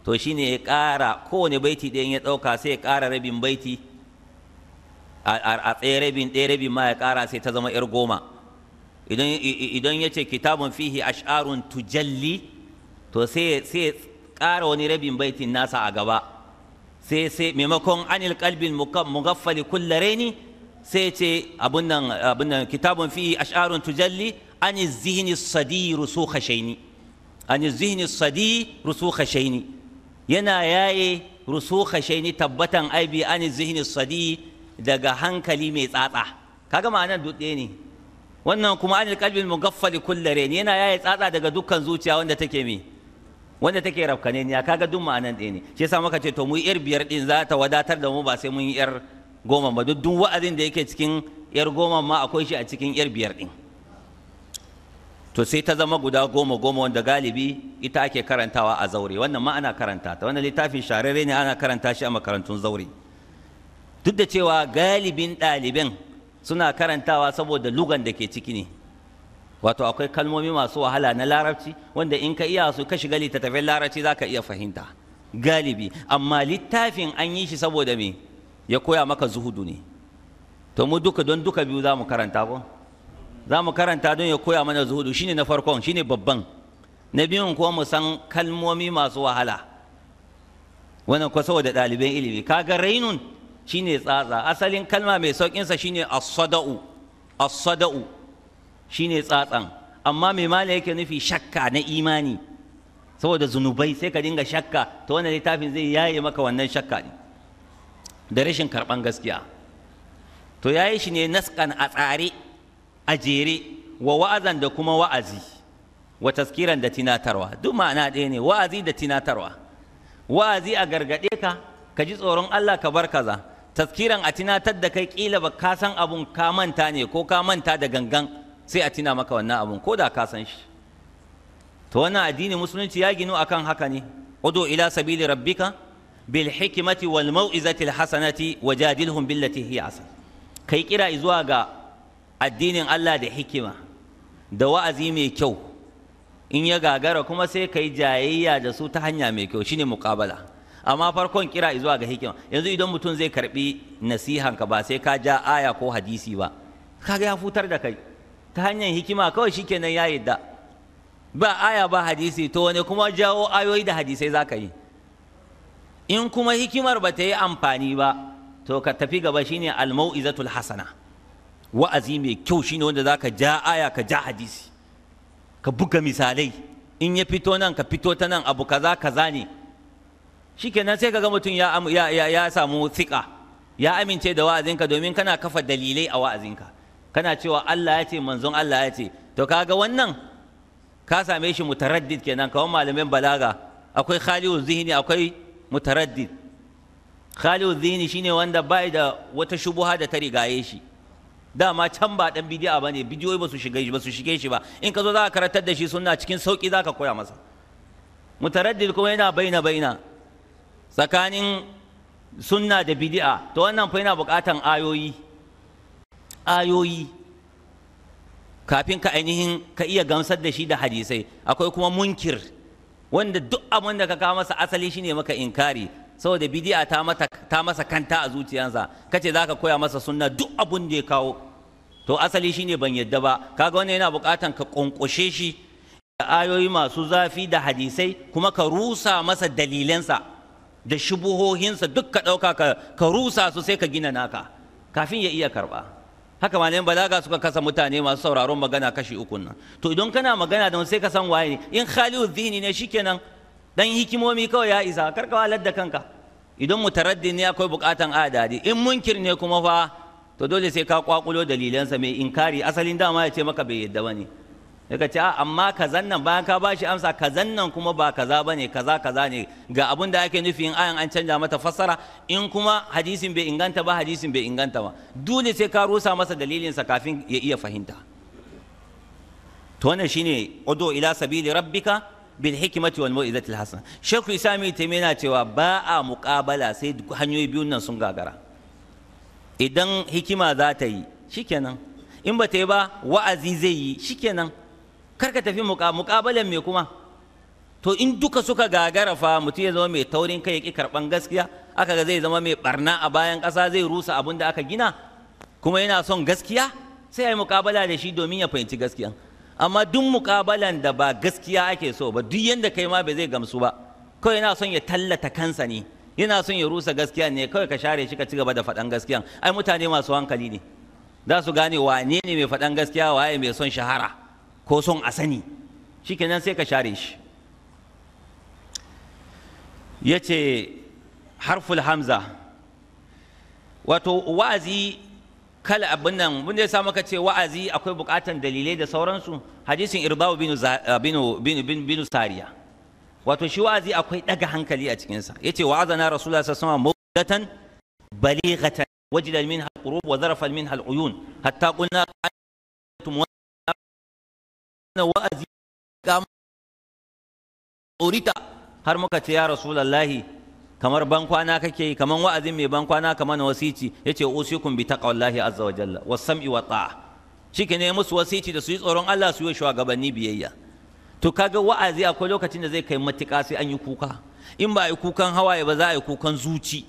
to shi ne ya ƙara kowane baiti ɗayan ya ɗauka sai ya ƙara rabin baiti a tsaye rabin ɗaya rabin ma ya ƙara sai ta zama 'yar goma idan ya ce kitabun fihi ash'arun tujalli to sai ya ƙara wani rabin baitin nasa a gaba sai sai maimakon anil qalbil mughaffali kull raini sai ce abun nan abun kitabun fi ash'arun tujalli ani zihni sadi rusu shaini ani zihni sadi rusu shaini yana yaye rusu shaini tabbatan aibi ani zihni sadi daga hankali mai tsatsa kaga ma'anar dutse ne wannan kuma anil qalbil mughaffali kull raini yana yaye tsatsa daga dukkan zuciya wanda take mai wanda take rafkane ne kaga duk ma'anan ɗaya ne shi yasa muka ce to mu yar biyar din za ta wadatar da mu ba sai mun yi yar goma ba duk wa'azin da yake cikin yar goma ma akwai shi a cikin yar biyar din to sai ta zama guda goma goma wanda galibi ita ake karantawa a zaure wannan ma ana karanta ta wannan littafin shararre ne ana karanta shi a makarantun zaure duk da cewa galibin ɗaliban suna karantawa saboda lugan da ke ciki ne wato akwai kalmomi masu wahala na larabci wanda in ka iya su ka shiga littattafin larabci za ka iya fahimta galibi amma littafin an yi shi saboda me ya koya maka zuhudu ne to mu duka don duka biyu za mu karanta ko za mu karanta don ya koya mana zuhudu shine na farkon shine babban na biyun kuma mu san kalmomi masu wahala wannan ko saboda ɗaliban ilimi kaga rainun shine tsatsa asalin kalma mai saukinsa shine as-sada'u as-sada'u Shi ne tsatsan amma mai mala yake nufi shakka na imani saboda zunubai sai ka dinga shakka ta wannan littafin zai yaye maka wannan shakka ne da rashin karɓan gaskiya to yayi shi ne naskan a tsare a jere wa wa'azan da kuma wa'azi wa taskiran da tinatarwa duk ma'ana ɗaya ne wa'azi da tinatarwa wa'azi a gargaɗe ka ka ji tsoron Allah ka bar kaza taskiran a tinatar da kai kila ba ka san abun ka manta ne ko ka manta da gangan sai a tina maka wannan abun ko da ka san shi to wannan addini musulunci ya ginu akan haka ne udu ila sabili rabbika bil hikmati wal mau'izati al hasanati wajadilhum billati hiya asan kai kira zuwa ga addinin Allah da hikima da wa'azi mai kyau in ya gagara kuma sai kai jayayya da su ta hanya mai kyau shine muqabala amma farkon kira zuwa ga hikima yanzu idan mutum zai karbi nasihanka ba sai ka ja aya ko hadisi ba kaga ya futar da kai ta hanyar hikima kawai kenan ya yadda ba aya ba hadisi to wani kuma jawo ayoyi da hadisai za ka yi in kuma hikimar ba ta yi amfani ba to ka tafi gaba shine almau'izatul hasana wa'azi mai kyau shine wanda za ka ja aya ka ja hadisi ka buga misalai in ya fito nan ka fito ta nan abu kaza kaza ne kenan sai ka ga mutum ya, ya, ya, ya samu tsika ya amince da wa'azinka domin kana kafa dalilai a wa'azinka kana cewa Allah ya ce manzon Allah ya ce to kaga wannan ka same shi mutaraddid kenan kawai malamin balaga akwai khaliu zihni akwai mutaraddid khaliu zihni shine wanda bai da wata shubuha da ta rigaye shi dama can ba dan bidi'a bane bidiyoyi ba su shige shi ba su shige shi ba in ka zo za ka karatar da shi sunna cikin sauki za ka koya masa mutaraddid kuma yana baina baina tsakanin sunna da bidi'a to wannan fa yana bukatan ayoyi ayoyi kafin ka ainihin ka iya gamsar da shi da hadisai akwai kuma munkir wanda duk abin da ka kawo masa asali shine maka inkari saboda bidiya ta ta masa kanta a zuciyansa kace zaka koya masa sunna duk abin da ya kawo to asali shine ban yadda ba kaga wannan yana bukatan ka ƙunƙushe shi da ayoyi masu zafi da hadisai kuma ka rusa masa dalilansa da shubuhohinsa duk ka ɗauka ka rusa su sai ka gina naka kafin ya iya karɓa haka malayan balaga suka kasa mutane masu sauraron magana kashi uku nan to idan kana magana da sai ka san waye ne in khaliu dini ne shikenan dan hikimomi kawai ya isa karka walad da kanka idan mutaraddin ne akwai bukatan adadi in munkir ne kuma fa to dole sai ka kwakulo dalilansa mai inkari asalin dama ya ce maka bai yadda bane daga ce amma kazan nan bayan ka bashi amsa kazan nan kuma ba kaza bane kaza kaza ne ga abin da ake nufi in ayan an canja mata fassara in kuma hadisin bai inganta ba hadisin bai inganta ba dole sai ka rusa masa dalilinsa kafin ya iya fahimta to wannan shine udu ila sabili rabbika bil hikmati wal mau'izati al hasana shekhu isami yana cewa ba a muqabala sai hanyoyi biyun nan sun gagara idan hikima za ta yi shikenan in ba ta yi ba wa'azi zai yi shikenan kar ka tafi muƙabalan me kuma to in duka suka gagara fa mutum ya zama mai taurin kai ya ƙi karɓan gaskiya aka ga zai zama mai barna a bayan ƙasa zai rusa abin da aka gina kuma yana son gaskiya sai a yi muƙabala da shi domin ya fahimci gaskiya amma duk muƙabalan da ba gaskiya ake so ba duk yanda kai ma bai zai gamsu ba kawai yana son ya tallata kansa ne yana son ya rusa gaskiya ne kawai ka share shi ka ci gaba da faɗan gaskiya ai mutane masu hankali ne za su gane wane ne mai faɗan gaskiya waye mai son shahara ko son a sani shikenan sai ka share shi ya ce harful hamza wato wa'azi kala abin nan mun ya sa maka ce wa'azi akwai bukatan dalilai da sauransu hadisin irbawu binu ah, sariya wato shi wa'azi akwai daga hankali a cikinsa ya ce wa'azana rasulullah sassama mawdatan balighatan wajidan min halqurub wa zarafan min haluyun hatta qulna antum na wa'azi ga tsorita har muka ce ya rasulallahi kamar bankwana kake yi kamar wa'azin mai bankwana kamar na wasici ya ce usikum bi taqwallahi azza wa jalla wasu sam'i wa ta'a ne musu wasici da su yi tsoron Allah su yi shugabanni biyayya to kaga wa'azi akwai lokacin da zai kai matuƙa sai an yi kuka in ba a yi kukan hawaye ba za a yi kukan zuci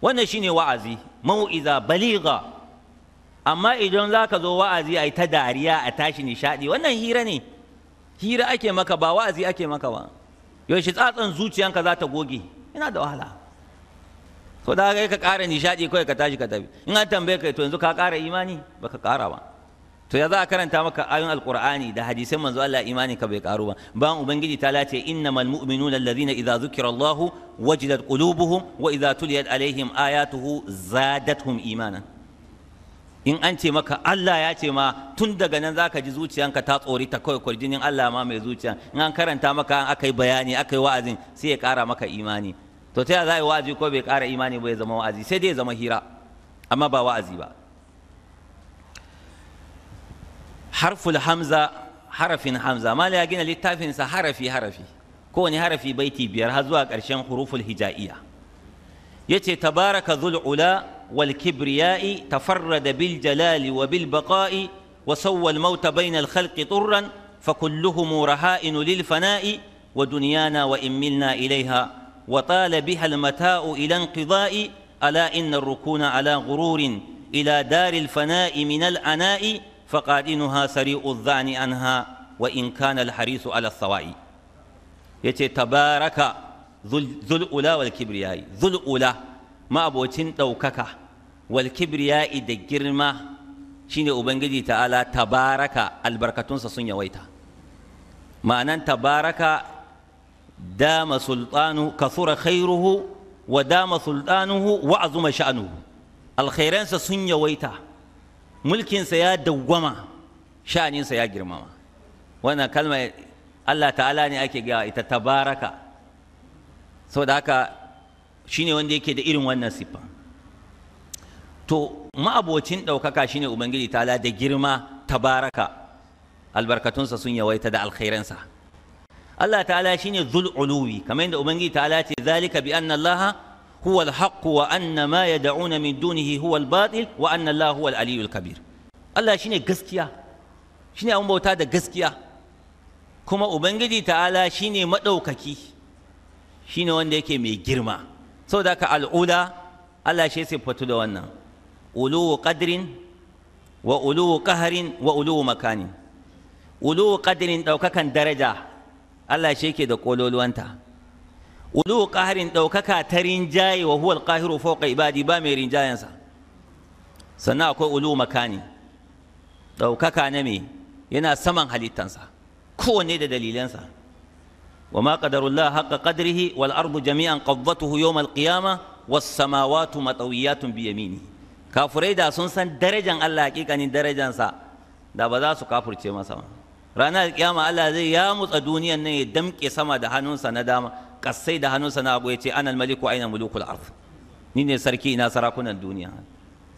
wannan shine wa'azi mau'iza baliga amma idan za ka zo wa'azi a yi ta dariya a tashi nishaɗi wannan hira ne hira ake maka ba wa'azi ake maka ba yaushe tsatsan zuciyanka za ta goge yana da wahala to da ka ƙara nishaɗi kawai ka tashi ka tafi in an tambaye ka to yanzu ka ƙara imani baka ƙara ba to ya za a karanta maka ayoyin alqur'ani da hadisan manzo Allah imani ka bai ƙaru ba ban ubangiji ta lace innamal mu'minuna allazina idza zukira Allahu wajilat qulubuhum wa idza tuliyat alaihim ayatuhu zadatuhum imanan in an ce maka Allah ya ce ma tun daga nan zaka ji zuciyanka ta tsori ta kawai kwarjinin Allah ma mai zuciya in an karanta maka aka yi bayani aka yi wa'azin sai ya ƙara maka imani to ta za a yi wa'azi ko bai ƙara imani ba ya zama wa'azi sai dai ya zama hira amma ba wa'azi ba harful hamza harafin hamza mala ya gina littafinsa harafi harafi kowane harafi baiti biyar har zuwa ƙarshen huruful hija'iyya yace tabaraka baraka ula والكبرياء تفرد بالجلال وبالبقاء وسوى الموت بين الخلق طرا فكلهم رهائن للفناء ودنيانا وإن ملنا إليها وطال بها المتاء إلى انقضاء ألا إن الركون على غرور إلى دار الفناء من الأناء فقادنها سريء الظعن عنها وإن كان الحريص على الصوائي يتي تبارك ذو الأولى والكبرياء ذو الأولى ما أبوتين دوكك wal kibriya'i da girma shine ubangiji ta'ala tabaraka albarkatunsa sun yawaita ma'anan tabaraka dama sultanu kasura khairuhu wa dama sultanuhu wa azuma sha'anuhu alkhairansa sun yawaita mulkinsa ya dawwama sha'aninsa ya girmama wannan kalma Allah ta'ala ne ake gawa ita tabaraka saboda haka shine wanda yake da irin wannan siffa to ma'abocin ɗaukaka shine ubangiji ta'ala da girma ta tabaraka albarkatunsa sun yawaita da alkhairansa Allah ta'ala shine zul uluwi kamar yadda ubangiji ta'ala ce zalika bi anna Allah huwa al-haqq wa anna ma yad'una min dunihi huwa al-batil wa anna Allah huwa al kabir Allah shine gaskiya shine an bauta da gaskiya kuma ubangiji ta'ala shine madaukaki shine wanda yake mai girma saboda ka al'ula Allah shi sai fatu da wannan uluwu qadrin wa uluwu qaharin wa uluwu makanin uluwu qadrin ɗaukakan daraja Allah shi ke da kololuwanta uluwu qaharin ɗaukaka ta rinjaye wa huwal qahiru fawqa ibadi ba mai rinjayensa sannan akwai uluwu makani ɗaukaka na me yana saman halittansa kowanne da dalilansa wa ma qadarullah haqqa qadrihi wal ardu jami'an qabdatuhu yawm al qiyamah was samawati matawiyatun bi yaminihi kafurai da sun san darajan Allah hakikanin darajansa da ba za su kafurce masa ba ranar kiyama Allah zai ya mutsa duniyan nan ya damƙe sama da hannunsa na dama kassai da hannunsa na abu ya ce anal maliku aina mulukul ard ni ne sarki ina sarakunan duniya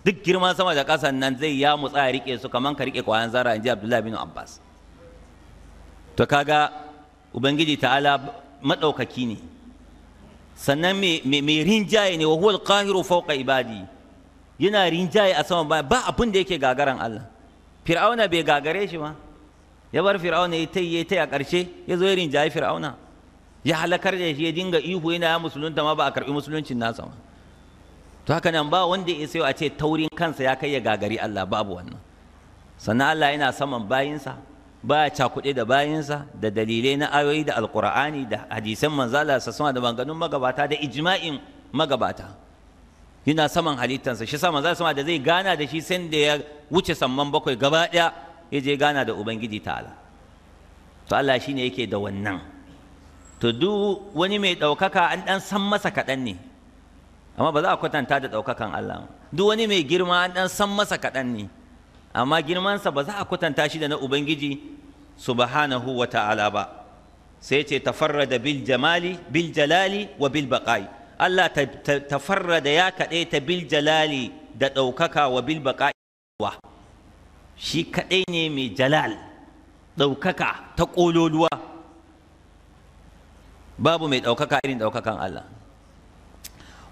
duk girman sama da ƙasan nan zai ya mutsa ya rike su kaman ka rike kwayan zara inji Abdullahi bin Abbas to kaga ubangiji ta'ala madaukaki ne sannan mai rinjaye ne wa huwal qahiru fawqa ibadi yana rinjaye a sama ba abin da yake gagaran Allah fir'auna bai gagare shi ma ya bar fir'auna ya tayi tayi a ƙarshe ya zo ya rinjaye fir'auna ya halakar da shi ya dinga ihu yana ya musulunta ma ba a karɓi musuluncin nasa ma to haka nan ba wanda ya sayo a ce taurin kansa ya kai ya gagari Allah babu wannan sannan Allah yana saman bayinsa baya cakuɗe da bayinsa da dalilai na ayoyi da alƙur'ani da hadisan manzala sassama da maganganun magabata da ijma'in magabata yana saman halittansa shi sama za su da zai gana da shi sai da ya wuce samman bakwai gaba ɗaya ya je gana da ubangiji ta'ala to Allah shi ne yake da wannan to duk wani mai ɗaukaka an ɗan san masa kaɗan ne amma ba za a kwatanta da ɗaukakan Allah duk wani mai girma an ɗan san masa kaɗan ne amma girmansa ba za a kwatanta shi da na ubangiji subhanahu wa ta'ala ba sai ce tafarrada bil jamali bil jalali wa bil baqai Allah ta farra da ya kaɗai ta bil jalali da ɗaukaka wa bil baƙa'iwa shi kaɗai ne mai jalal ɗaukaka ta ƙololuwa babu mai ɗaukaka irin ɗaukakan Allah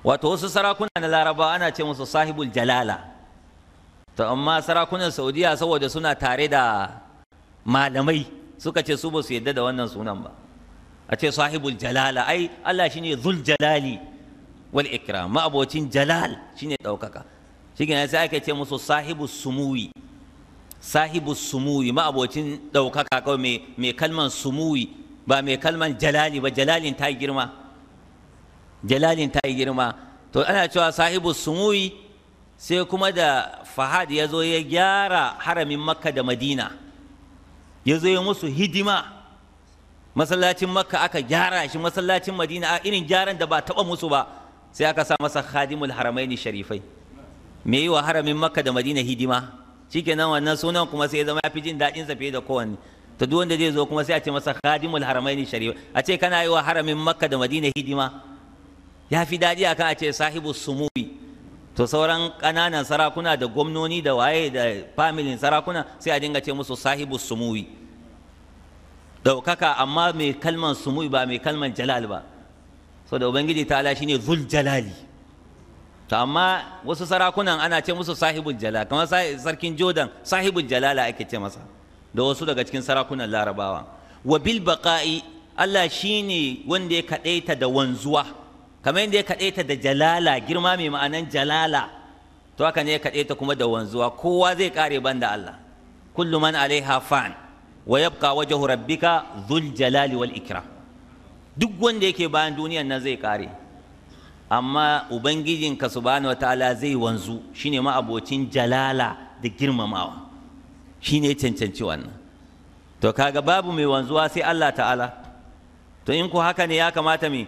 wato wasu sarakuna na laraba ana ce musu sahibul jalala to amma sarakunan saudiya saboda suna tare da malamai suka ce su ba su yadda da wannan sunan ba a ce sahibul jalala ai Allah shine zul jalali wal ikram ma'abocin jalal shine ɗaukaka shi sai ake ce musu sahibu sumuwi sahibu sumuwi ma'abocin ɗaukaka kawai mai kalman sumuwi ba mai kalman jalali ba jalalin ta girma jalalin ta girma to ana cewa sahibu sumuwi sai kuma da fahad ya zo ya gyara haramin makka da madina ya zo ya musu hidima masallacin makka aka gyara shi masallacin madina a irin gyaran da ba taɓa musu ba sai aka sa masa khadimul haramaini sharifai me yi wa haramin makka da madina hidima shikenan wannan sunan kuma sai ya zama ya fi jin daɗin sa fiye da kowanne to duk wanda zai zo kuma sai a ce masa khadimul haramaini sharifai a ce kana yi wa haramin makka da madina hidima ya fi daɗi akan a ce sahibu sumuwi to sauran ƙananan sarakuna da gwamnoni da waye da familin sarakuna sai a dinga ce musu sahibu sumuwi ɗaukaka amma mai kalman sumuwi ba mai kalman jalal ba saboda ubangiji ta'ala shine zul jalali to amma wasu sarakunan ana ce musu sahibul jalal kamar sarkin jordan sahibul jalala ake ce masa da wasu daga cikin sarakunan larabawa wa bil baqa'i Allah shine wanda ya kadaita da wanzuwa kamar yadda ya kadaita da jalala girma mai ma'anan jalala to haka ne ya kadaita kuma da wanzuwa kowa zai kare banda Allah kullu man alaiha fan wa yabqa wajhu rabbika dhul jalali wal ikram duk wanda yake bayan duniyan nan zai kare amma ubangijin ubangijinka subhanahu ta'ala zai wanzu shine ma abocin jalala da girmamawa shine cancanci wannan to kaga babu mai wanzuwa sai Allah ta'ala to in ku haka ne ya kamata me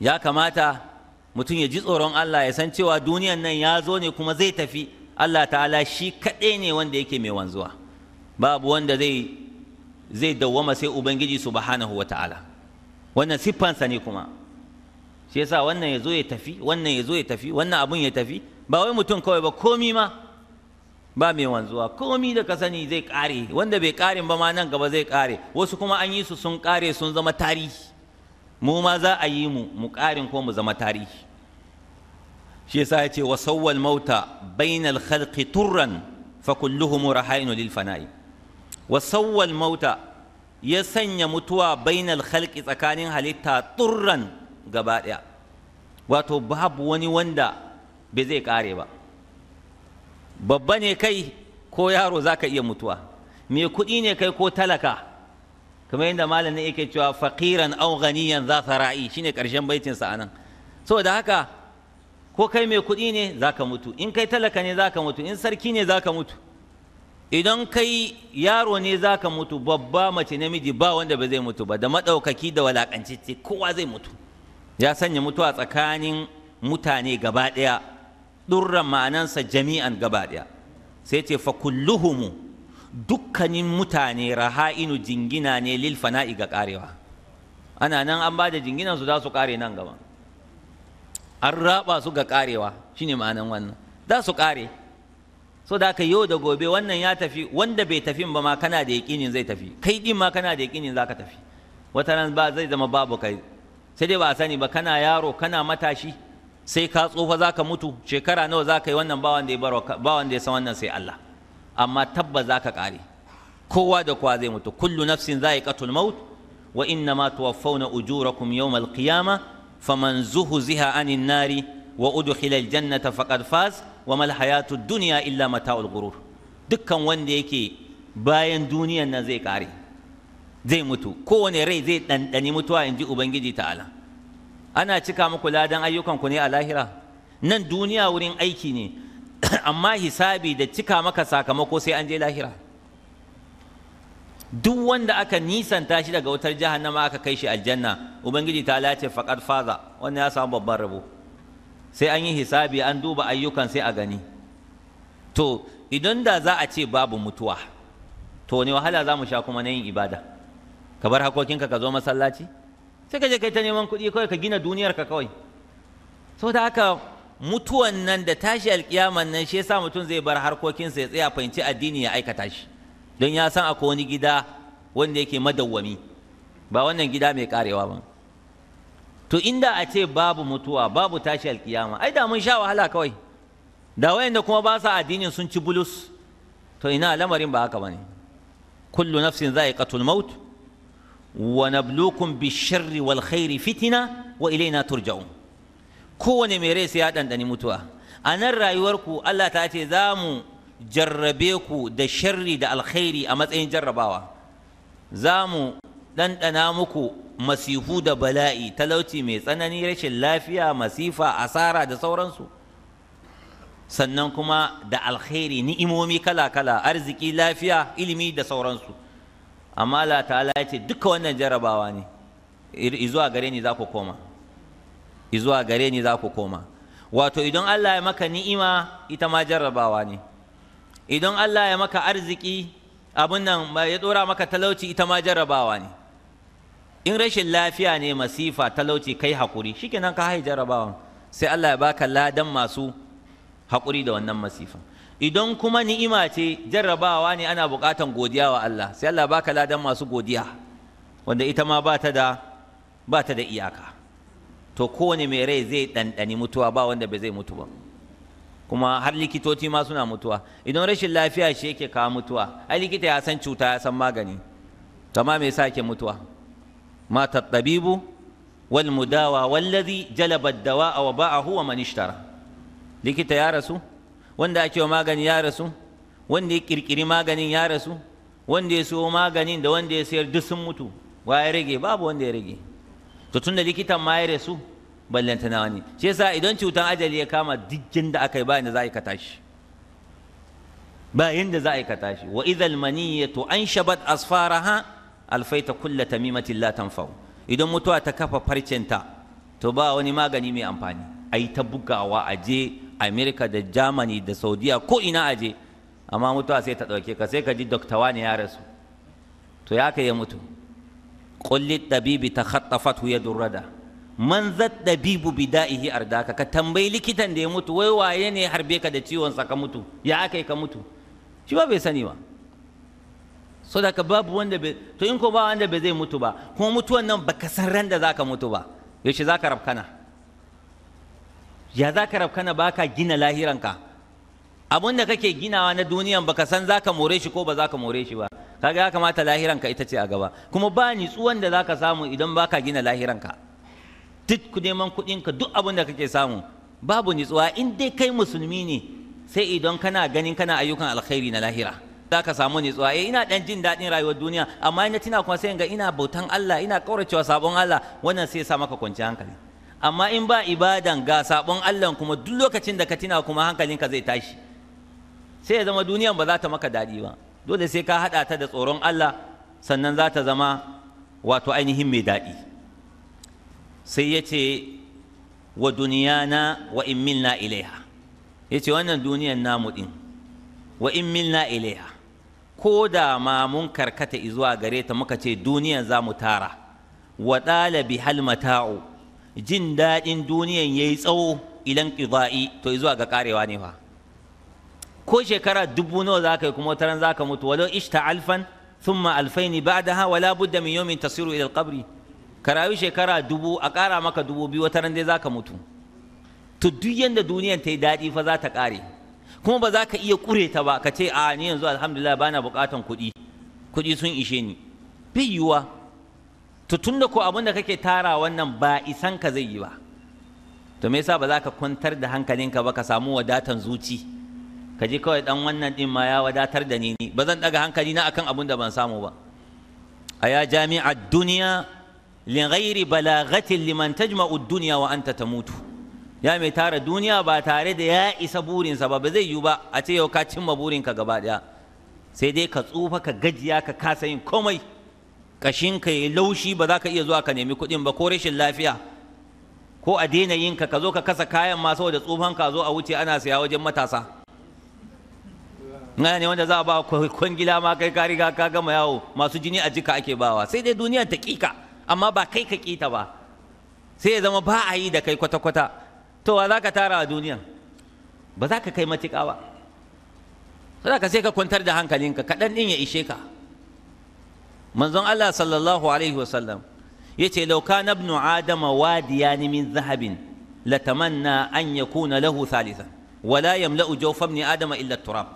ya kamata mutum ya ji tsoron Allah ya san cewa duniyan nan ya zo ne kuma zai tafi Allah ta'ala shi kaɗai ne wanda yake mai wanzuwa babu wanda zai zai dawwama sai ubangiji subhanahu wata'ala wannan siffansa ne kuma shi yasa wannan ya zo ya tafi wannan ya zo ya tafi wannan abun ya tafi ba wai mutum kawai ba komi ma ba mai wanzuwa komi da ka sani zai kare wanda bai kare ba ma nan gaba zai kare wasu kuma an yi su sun kare sun zama tarihi mu ma za a yi mu mu karin ko mu zama tarihi shi yasa ya ce wasawwal mauta bainal khalqi turran fa kulluhum rahainu lil fana'i wa mauta ya sanya mutuwa bainal khalqi tsakanin halitta turran gaba ɗaya wato babu wani wanda bai zai kare ba babba ne kai ko yaro za ka iya mutuwa Me kuɗi ne kai ko talaka kamar yadda malamin yake cewa faƙiran aw ghaniyan za ra'i shine ƙarshen baitinsa anan saboda haka ko kai mai kuɗi ne za ka mutu in kai talaka ne za ka mutu in sarki ne za ka mutu idan kai yaro ne za ka mutu babba mace namiji ba wanda ba zai mutu ba da maɗaukaki da walaƙancicci kowa zai mutu ya sanya mutuwa tsakanin mutane gaba ɗaya ɗurran ma'anansa jami'an gaba ɗaya sai ce fa kulluhumu dukkanin mutane raha'inu jingina ne lil fana'i ga karewa ana nan an ba da jinginan su za su kare nan gaba an raba su ga karewa shine ma'anan wannan za su kare so da ka yau da gobe wannan ya tafi wanda bai tafin ba ma kana da yaƙinin zai tafi kai din ma kana da yaƙinin ka tafi wata ran ba zai zama babu kai sai dai ba a sani ba kana yaro kana matashi sai ka za zaka mutu shekara nawa zaka yi wannan bawan da ya baro bawan da ya san wannan sai Allah amma tabba ka kare kowa da kowa zai mutu kullu nafsin za'iqatul maut wa inna ma tuwaffawna ujurakum yawmal qiyamah faman zuhziha anin nari wa udu udkhila aljannata fakar faz wa mal hayatud dunya illa mata'ul ghurur dukkan wanda yake bayan duniyan nan zai kare zai mutu kowane rai zai ɗanɗani mutuwa in ji ubangiji ta'ala ana cika muku ladan ayyukanku ne a lahira nan duniya wurin aiki ne [CLEARS THROAT] amma hisabi da cika maka sakamako sai an je lahira duk wanda aka nisanta shi daga wutar jahannama aka kai shi a aljanna ubangiji ta lace fakar faza wannan ya samu babban rabo sai an yi hisabi an duba ayyukan sai a gani to idan da za a ce babu mutuwa to ne wahala za mu sha kuma na yin ibada ka bar hakokinka ka zo masallaci sai ka je kai ta neman kuɗi kawai ka gina duniyarka kawai saboda haka mutuwan nan da tashi alkiyaman nan shi yasa mutum zai bar harkokinsa ya tsaya fahimci addini ya aikata shi don ya san akwai wani gida wanda yake madawwami ba wannan gida mai karewa ba to inda a ce babu mutuwa babu tashi alkiyama ai da mun sha wahala kawai da wayanda kuma ba sa addinin sun ci bulus to ina lamarin ba haka bane kullu nafsin za'iqatul maut wa nablukum bisharri wal khairi fitina wa na turja'un kowane mai rai sai ya dandani mutuwa a nan rayuwarku Allah ta ce za mu jarrabe ku da sharri da alkhairi a matsayin jarrabawa za mu ɗanɗana muku masifu da bala'i talauci mai tsanani rashin lafiya masifa asara da sauransu sannan kuma da alkhairi ni'imomi kala-kala arziki lafiya ilimi da sauransu amma Allah ta'ala ya ce duka wannan jarabawa ne izuwa gare ni za ku koma izuwa gare ni za ku koma wato idan Allah ya maka ni'ima ita ma jarrabawa ne idan Allah ya maka arziki abin nan ya ɗora maka talauci ita ma jarrabawa ne in rashin lafiya ne masifa talauci kai haƙuri shikenan ka hai jarabawa sai Allah ya baka ladan masu haƙuri da wannan masifa idan kuma ni'ima ce jarrabawa ne ana buƙatan godiya wa Allah sai Allah baka ladan masu godiya wanda ita ma bata da bata da iyaka to kowane mai rai zai ɗanɗani mutuwa ba wanda bai zai mutu ba kuma har likitoci ma suna mutuwa idan rashin lafiya shi yake kawo mutuwa ai likita ya san cuta ya san magani to ma me yasa yake mutuwa mata tabibu wal mudawa wallazi jalaba dawa'a wa ba'ahu wa man ishtara likita ya rasu wanda ake wa magani ya rasu wanda ya ƙirƙiri maganin ya rasu wanda ya siyo maganin da wanda ya sayar duk sun mutu wa ya rage babu wanda ya rage to tunda likitan ma ya rasu ballanta na wani shi idan cutar ajali ya kama duk da aka yi ba yanda za a aikata shi ba yanda za a aikata shi wa idhal maniyatu anshabat asfaraha alfaita kulla tamimatin la tanfau idan mutuwa ta kafa farcenta to ba wani magani mai amfani a yi ta bugawa a je amerika da germany da saudiya ko ina a je amma mutuwa sai ta ɗauke ka sai ka ji dokta wani ya rasu to ya kai ya mutu kulli dabibi ta khattafatu ya durrada man zat dabibu bida'ihi ardaka ka tambayi likitan da ya mutu wai waye ne harbe ka da ciwon saka ka mutu ya aka ka mutu shi ba bai sani ba so da ka babu wanda bai to in ko ba wanda bai zai mutu ba kuma mutuwan nan baka san ran da zaka mutu ba yaushe zaka rabkana ya zaka rabkana baka gina lahiranka abun da kake ginawa na duniyan baka san zaka more shi ko ba zaka more shi ba kaga ya kamata lahiranka ita ce a gaba kuma ba nitsuwan da zaka samu idan baka gina lahiranka duk neman ka duk abun da kake samu babu nitsuwa in dai kai musulmi ne sai idan kana ganin kana ayyukan alkhairi na lahira za ka samu nitsuwa eh ina dan jin daɗin rayuwar duniya amma ina tina kuma sai ga ina bautan Allah ina kauracewa sabon Allah wannan sai ya sa maka kwanciyar hankali amma in ba ibadan ga sabon Allah kuma duk lokacin da ka tina kuma hankalinka zai tashi sai ya zama duniyan ba za ta maka daɗi ba dole sai ka haɗa ta da tsoron Allah sannan za ta zama wato ainihin mai daɗi sai ya ce wa duniyana wa in milna ilaiha ya ce wannan duniyan namu ɗin wa in milna ilaiha ko da ma mun karkata zuwa gare ta muka ce duniyan za mu tara wa ɗalabi halmata'u jin daɗin duniyan ya yi tsawo idan ƙiza'i to zuwa ga ƙarewa ne fa ko shekara dubu nawa za ka yi kuma wataran za ka mutu walau ishta alfan thumma alfaini ha wala budda min min tasiru idan kabri. karawi shekara dubu a ƙara maka dubu biyu wataran dai za ka mutu to duk yadda duniyan ta yi daɗi fa za ta ƙare kuma ba za ka iya ƙure ta ba ka ce a ni yanzu alhamdulillah bana buƙatan kuɗi kuɗi sun ishe ni bi yiwuwa to da ko abin da kake tara wannan ba isan ka zai yi ba to me yasa ba za ka kwantar da hankalinka ba ka samu wadatan zuci ka je kawai dan wannan din ma ya wadatar da ni ne. ba zan daga hankali na akan abin da ban samu ba a ya jami'a duniya li ghairi balagatin liman tajma'u duniya wa anta tamutu ya mai tara duniya ba tare da ya isa burinsa ba ba zai yiwu ba a ce yau ka cimma burinka gaba ɗaya sai dai ka tsufa ka gajiya ka kasa yin komai kashin ka ya laushi ba za ka iya zuwa ka nemi kuɗin ba ko rashin lafiya ko a daina yinka ka zo ka kasa kayan ma saboda tsufan ka zo a wuce ana saya wajen matasa ngana ne wanda za a ba kwangila ma kai ka riga ka gama yawo masu jini a jika ake bawa sai dai duniya ta kika amma ba kai ka kita ba sai ya zama ba a yi da kai kwata-kwata to wa za ka tara a duniya ba za ka kai matuƙa ba Za ka sai ka kwantar da hankalinka kaɗan ɗin ya ishe ka manzon Allah sallallahu alaihi wasallam ya ce lauka na ibnu adama wadiya ni min zahabin latamanna an yakuna lahu thalithan wala yamla'u jawfa ibn adama illa turab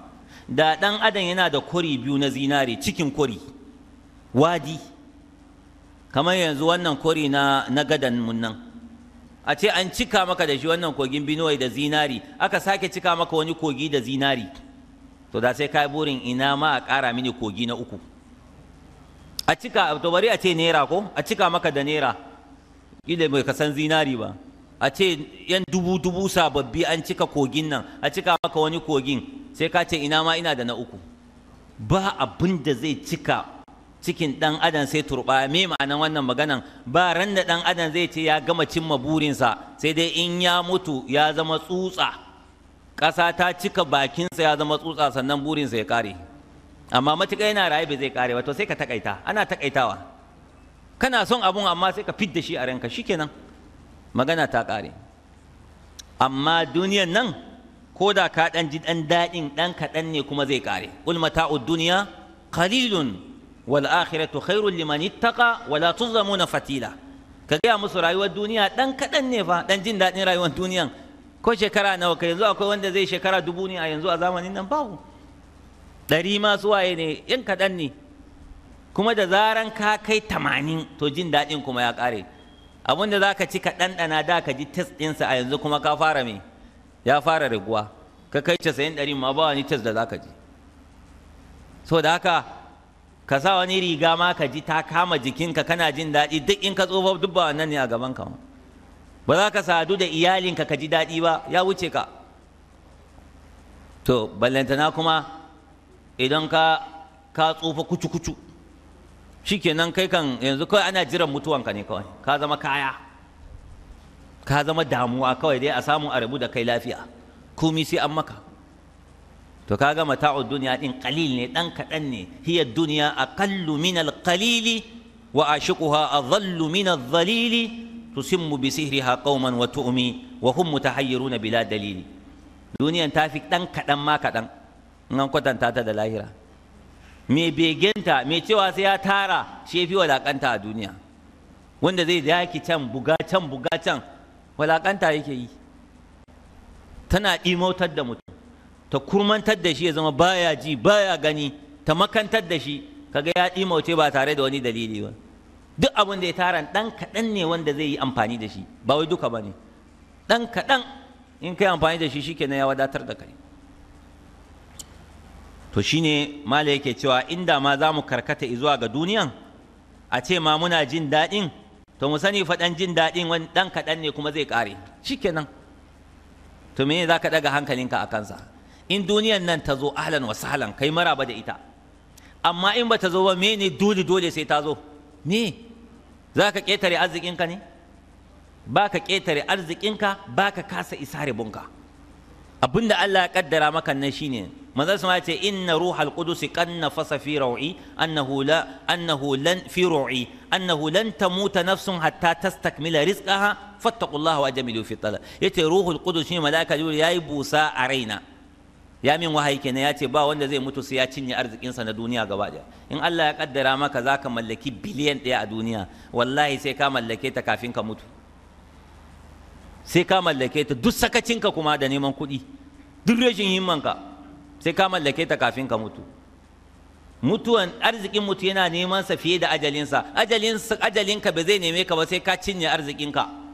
da ɗan adam yana da kori biyu na zinare cikin kori wadi kamar yanzu wannan kori na, na gadan mun nan a ce an cika maka da shi wannan kogin binuwai da zinari aka sake cika maka wani kogi da zinari to da sai kai burin ina ma a ƙara mini kogi na uku a cika to bari a ce naira ko a cika maka da naira ile bai ka san zinari ba a ce yan dubu dubu sababbi an cika kogin nan a cika maka wani kogin sai ka ce ina ma ina da na uku ba abinda zai cika cikin ɗan adam sai turɓa me ma'anan wannan maganan ba ran da ɗan adam zai ce ya gama cimma burinsa sai dai in ya mutu ya zama tsutsa ƙasa ta cika bakinsa ya zama tsutsa sannan burinsa ya ƙare amma matuƙa yana raye bai zai ƙare ba to sai ka taƙaita ana taƙaitawa kana son abun amma sai ka fidda shi a ranka shikenan magana ta ƙare amma duniyan nan ko da ka ɗan ji ɗan daɗin ɗan kaɗan ne kuma zai ƙare ulmata'ud duniya qalilun wal akhiratu khairul liman ittaqa wa la tuzlamuna fatila ka gaya musu rayuwar duniya dan kaɗan ne fa dan jin daɗin rayuwar duniyan ko shekara nawa yanzu akwai wanda zai shekara dubu ne a yanzu a zamanin nan babu ɗari ma waye ne yan kaɗan ne kuma da zaran ka kai tamanin to jin daɗin kuma ya kare. Abun da za ka ci ka ɗanɗana da ka ji tas ɗinsa a yanzu kuma ka fara me ya fara raguwa ka kai casa'in ɗari ma ba wani test da za ka ji so da haka ka sa wani riga ma ka ji ta kama jikinka kana jin daɗi duk in ka tsofa duk ba wannan ne a gaban ka ba za ka sadu da iyalinka ka ji daɗi ba ya wuce ka to ballantana kuma idan ka ka tsofa kucu kucu shikenan kai kan yanzu kawai ana jiran mutuwanka ne kawai ka zama kaya ka zama damuwa kawai dai a samu a rabu da kai lafiya komi sai an maka to kaga mata'ud duniya din qalil ne dan kadan ne hiya dunya aqallu min kalili. wa ashiquha adhallu min adh-dhalil tusimmu bi sihriha qauman wa tu'mi wa hum mutahayyiruna bila dalili Duniya ta fi dan kadan ma kadan Nan kwatanta ta da lahira mai begenta mai cewa sai ya tara shi fi walakanta a duniya wanda zai yaki can buga can buga can walakanta yake yi tana ɗimautar da mutum ta kurmantar da shi ya zama baya ji baya gani ta makantar da shi kaga ya wuce ba tare da wani dalili ba duk abin da ya tara ɗan kaɗan ne wanda zai yi amfani da shi ba wai duka ba ne ɗan kaɗan in kai amfani da shi shikenan ya wadatar da kai to shine mala yake cewa inda ma za mu karkata zuwa ga duniyan a ce ma muna jin daɗin to mu sani fa jin daɗin wani ɗan kaɗan ne kuma zai ƙare shikenan to me za ka ɗaga hankalinka a kansa in duniyan nan ta zo ahlan wa sahlan kai maraba da ita amma in bata zo ba me ne dole dole sai ta zo me za ka ƙetare arzikinka ne ba ka ƙetare arzikinka ba ka kasa isa ribunka abin da Allah ya kaddara maka nan shine manzo sama ya ce inna ruhal qudus kan nafasa fi ru'i annahu la annahu lan fi ru'i annahu lan tamuta nafsun hatta tastakmila rizqaha fattaqullaha wa ajmilu fi talab yace ruhul qudus shine malaika yayi busa a raina ya min wahayi kenan ya ce ba wanda zai mutu sai ya cinye arzikinsa na duniya gaba ɗaya in Allah ya kaddara maka za ka mallaki biliyan ɗaya a duniya wallahi sai ka mallake ta kafin ka mutu sai ka mallake ta duk sakacinka kuma da neman kuɗi duk rashin himmanka sai ka mallake ta kafin ka mutu mutuwan arzikin mutu yana neman sa fiye da ajalinsa ajalinka ba zai neme ka ba sai ka cinye arzikinka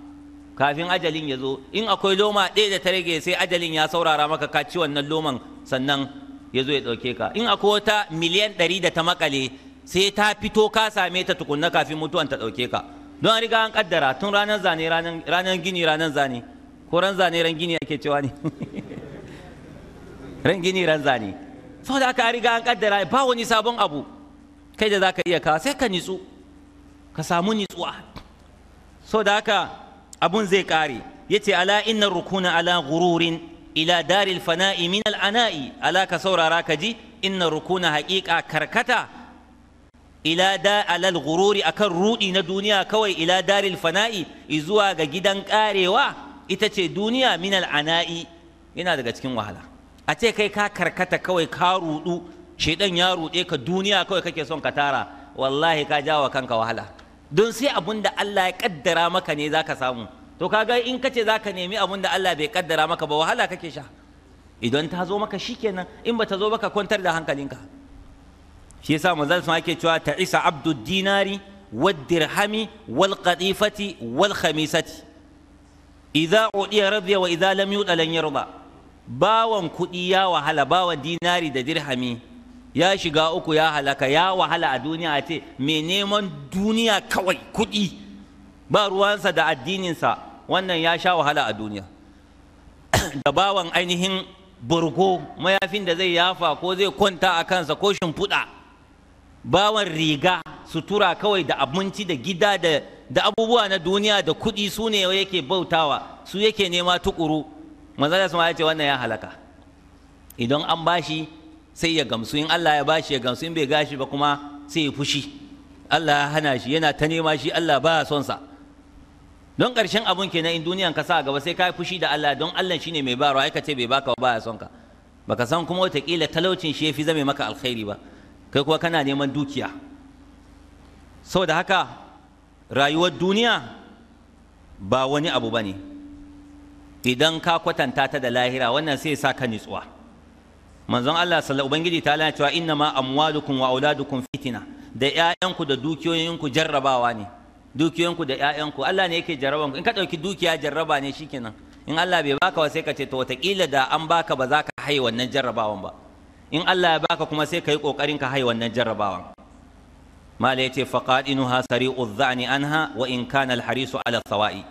kafin ajalin ya zo in akwai loma ɗaya da ta rage sai ajalin ya saurara maka ka ci wannan loman sannan ya zo ya ɗauke ka in akwai wata miliyan ɗari da ta makale sai ta fito ka same ta tukunna kafin mutuwan ta ɗauke ka don an riga an ƙaddara tun ranar zane ranar gini ranar zane ko ran zane ran gini ake cewa ne [LAUGHS] ran gini ran zane saboda aka riga an ƙaddara ba wani sabon abu kai da za ka iya kawo sai ka nitsu ka samu nitsuwa saboda haka abun zai kare yace ala inna rukuna ala gururin ila daril fana'i min al'ana'i ala ka saurara ka ji inna rukuna haƙiƙa karkata ila da alal gururi akan rudi na duniya kawai ila daril fana'i zuwa ga gidan karewa ita ce duniya min al'ana'i yana daga cikin wahala a ce kai ka karkata kawai ka rudu shaidan ya rude ka duniya kawai kake son ka tara wallahi ka jawa kanka wahala don sai abunda da Allah ya kaddara maka ne zaka samu to kaga in kace zaka nemi abun da Allah bai kaddara maka ba wahala kake sha idan ta zo maka shikenan in ba ta zo baka kwantar da hankalinka shi yasa manzal sun ake cewa ta isa abdud dinari wad dirhami wal qatifati wal khamisati idza udiya radiya wa idza lam yud yarda bawan kudi ya wahala bawan dinari da dirhami ya shiga uku ya halaka ya wahala a duniya a ce mai neman duniya kawai kuɗi ba ruwansa da addininsa wannan ya sha wahala a duniya [CLEARS THROAT] da bawan ainihin burgo mayafin da zai yafa ko zai kwanta a kansa ko shimfiɗa bawan riga sutura kawai da abinci da gida da abubuwa na duniya da kuɗi su ne yake bautawa su yake nema tukuru manzala ya ce wannan ya halaka idan an bashi sai ya gamsu in Allah ya bashi ya gamsu in bai gashi ba kuma sai ya fushi Allah ya hana shi yana ta nema shi Allah ba son sa don ƙarshen abun kenan in duniyan ka sa gaba sai ka fushi da Allah don Allah shine mai ba ruwa bai baka ba ya son ka baka san kuma wataƙila talaucin shi yafi zame maka alkhairi ba kai kuwa kana neman dukiya saboda haka rayuwar duniya ba wani abu ba ne idan ka kwatanta ta da lahira wannan sai sa ka nitsuwa manzon Allah sallallahu ubangiji ta lana cewa inna ma amwalukum wa auladukum fitina da ƴaƴanku da dukiyoyinku jarrabawa ne dukiyoyinku da ƴaƴanku Allah ne yake jarraban in ka ɗauki dukiya jarraba ne shikenan in Allah bai baka ba sai ka ce to wataƙila da an baka ba za ka haye wannan jarrabawan ba in Allah ya baka kuma sai ka yi ƙoƙarin ka haye wannan jarrabawan mala yace faqadinuha sari'u dhani anha wa in kana alharisu ala thawa'i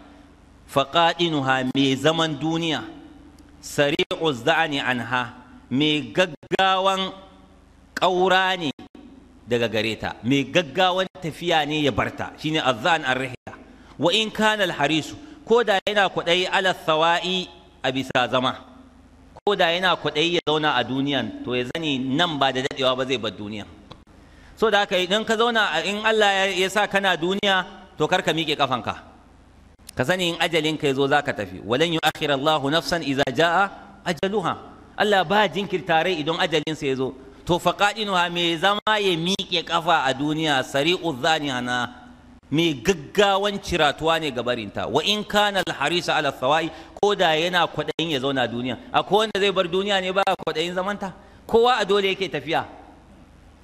faqadinuha mai zaman duniya sari'u dhani anha mai gaggawan ƙaura ne daga gare ta mai gaggawan tafiya ne ya barta shine azan arrihiya wa in kana Harisu. ko da yana kwaɗayi ala sawa'i a bisa zama ko da yana kwaɗayi ya zauna a duniyan to ya zani nan ba da daɗewa ba zai bar duniya so da haka idan ka zauna in Allah ya sa kana duniya to kar ka miƙe kafanka ka sani in ajalin ka yazo zaka tafi walan yu'akhir Allahu nafsan iza jaa ajaluha Allah ba jinkirta rai idan ajalinsa ya zo to faƙaɗinuha mai zama ya miƙe ƙafa a duniya sari'u hana mai gaggawan ciratuwa ne gabarinta wa in kana harisa ala thawai ko da yana kwaɗayin ya zauna duniya akwai wanda zai bar duniya ne ba a kwaɗayin zamanta kowa a dole yake tafiya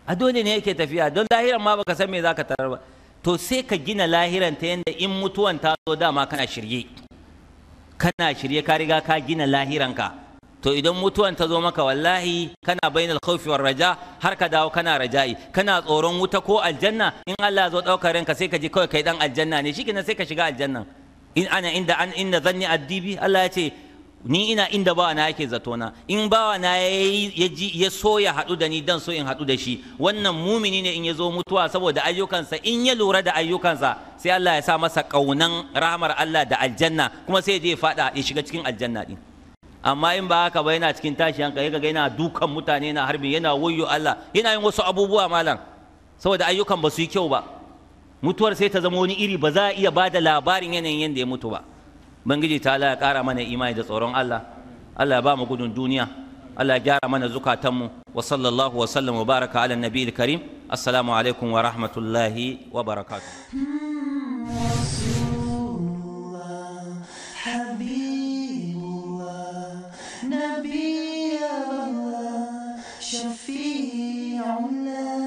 a dole ne yake tafiya don lahiran ma baka san me zaka tarar ba to sai ka gina lahiran ta yanda in mutuwan ta zo dama kana shirye kana shirye ka riga ka gina lahiranka to idan mutuwan ta zo maka wallahi kana bainal khawfi war raja har ka dawo kana raja'i kana tsoron wuta ko aljanna in Allah ya zo daukar ranka sai ka ji kawai kai dan aljanna ne shikenan sai ka shiga aljannan in ana inda an inna zanni addibi Allah ya ce ni ina inda bawa na yake zato na in bawa na ya ya so ya haɗu da ni dan so in haɗu da shi wannan mumini ne in ya zo mutuwa saboda ayyukansa in ya lura da ayyukansa sai Allah ya sa masa ƙaunan rahmar Allah da aljanna kuma sai ya je ya faɗa ya shiga cikin aljanna din amma in ba haka ba yana cikin tashi ya ga yana dukan mutane yana harbi yana wayo Allah yana yin wasu abubuwa malam saboda ayyukan ba su yi kyau ba mutuwar sai ta zama wani iri ba za a iya ba da labarin yanayin yadda ya mutu ba bangiji ta Allah ya kara mana imani da tsoron Allah Allah ya ba mu gudun duniya Allah ya gyara mana zukatanmu wa sallallahu wa sallam wa baraka ala nabi karim assalamu alaikum wa rahmatullahi wa barakatuh نبي الله شفيعنا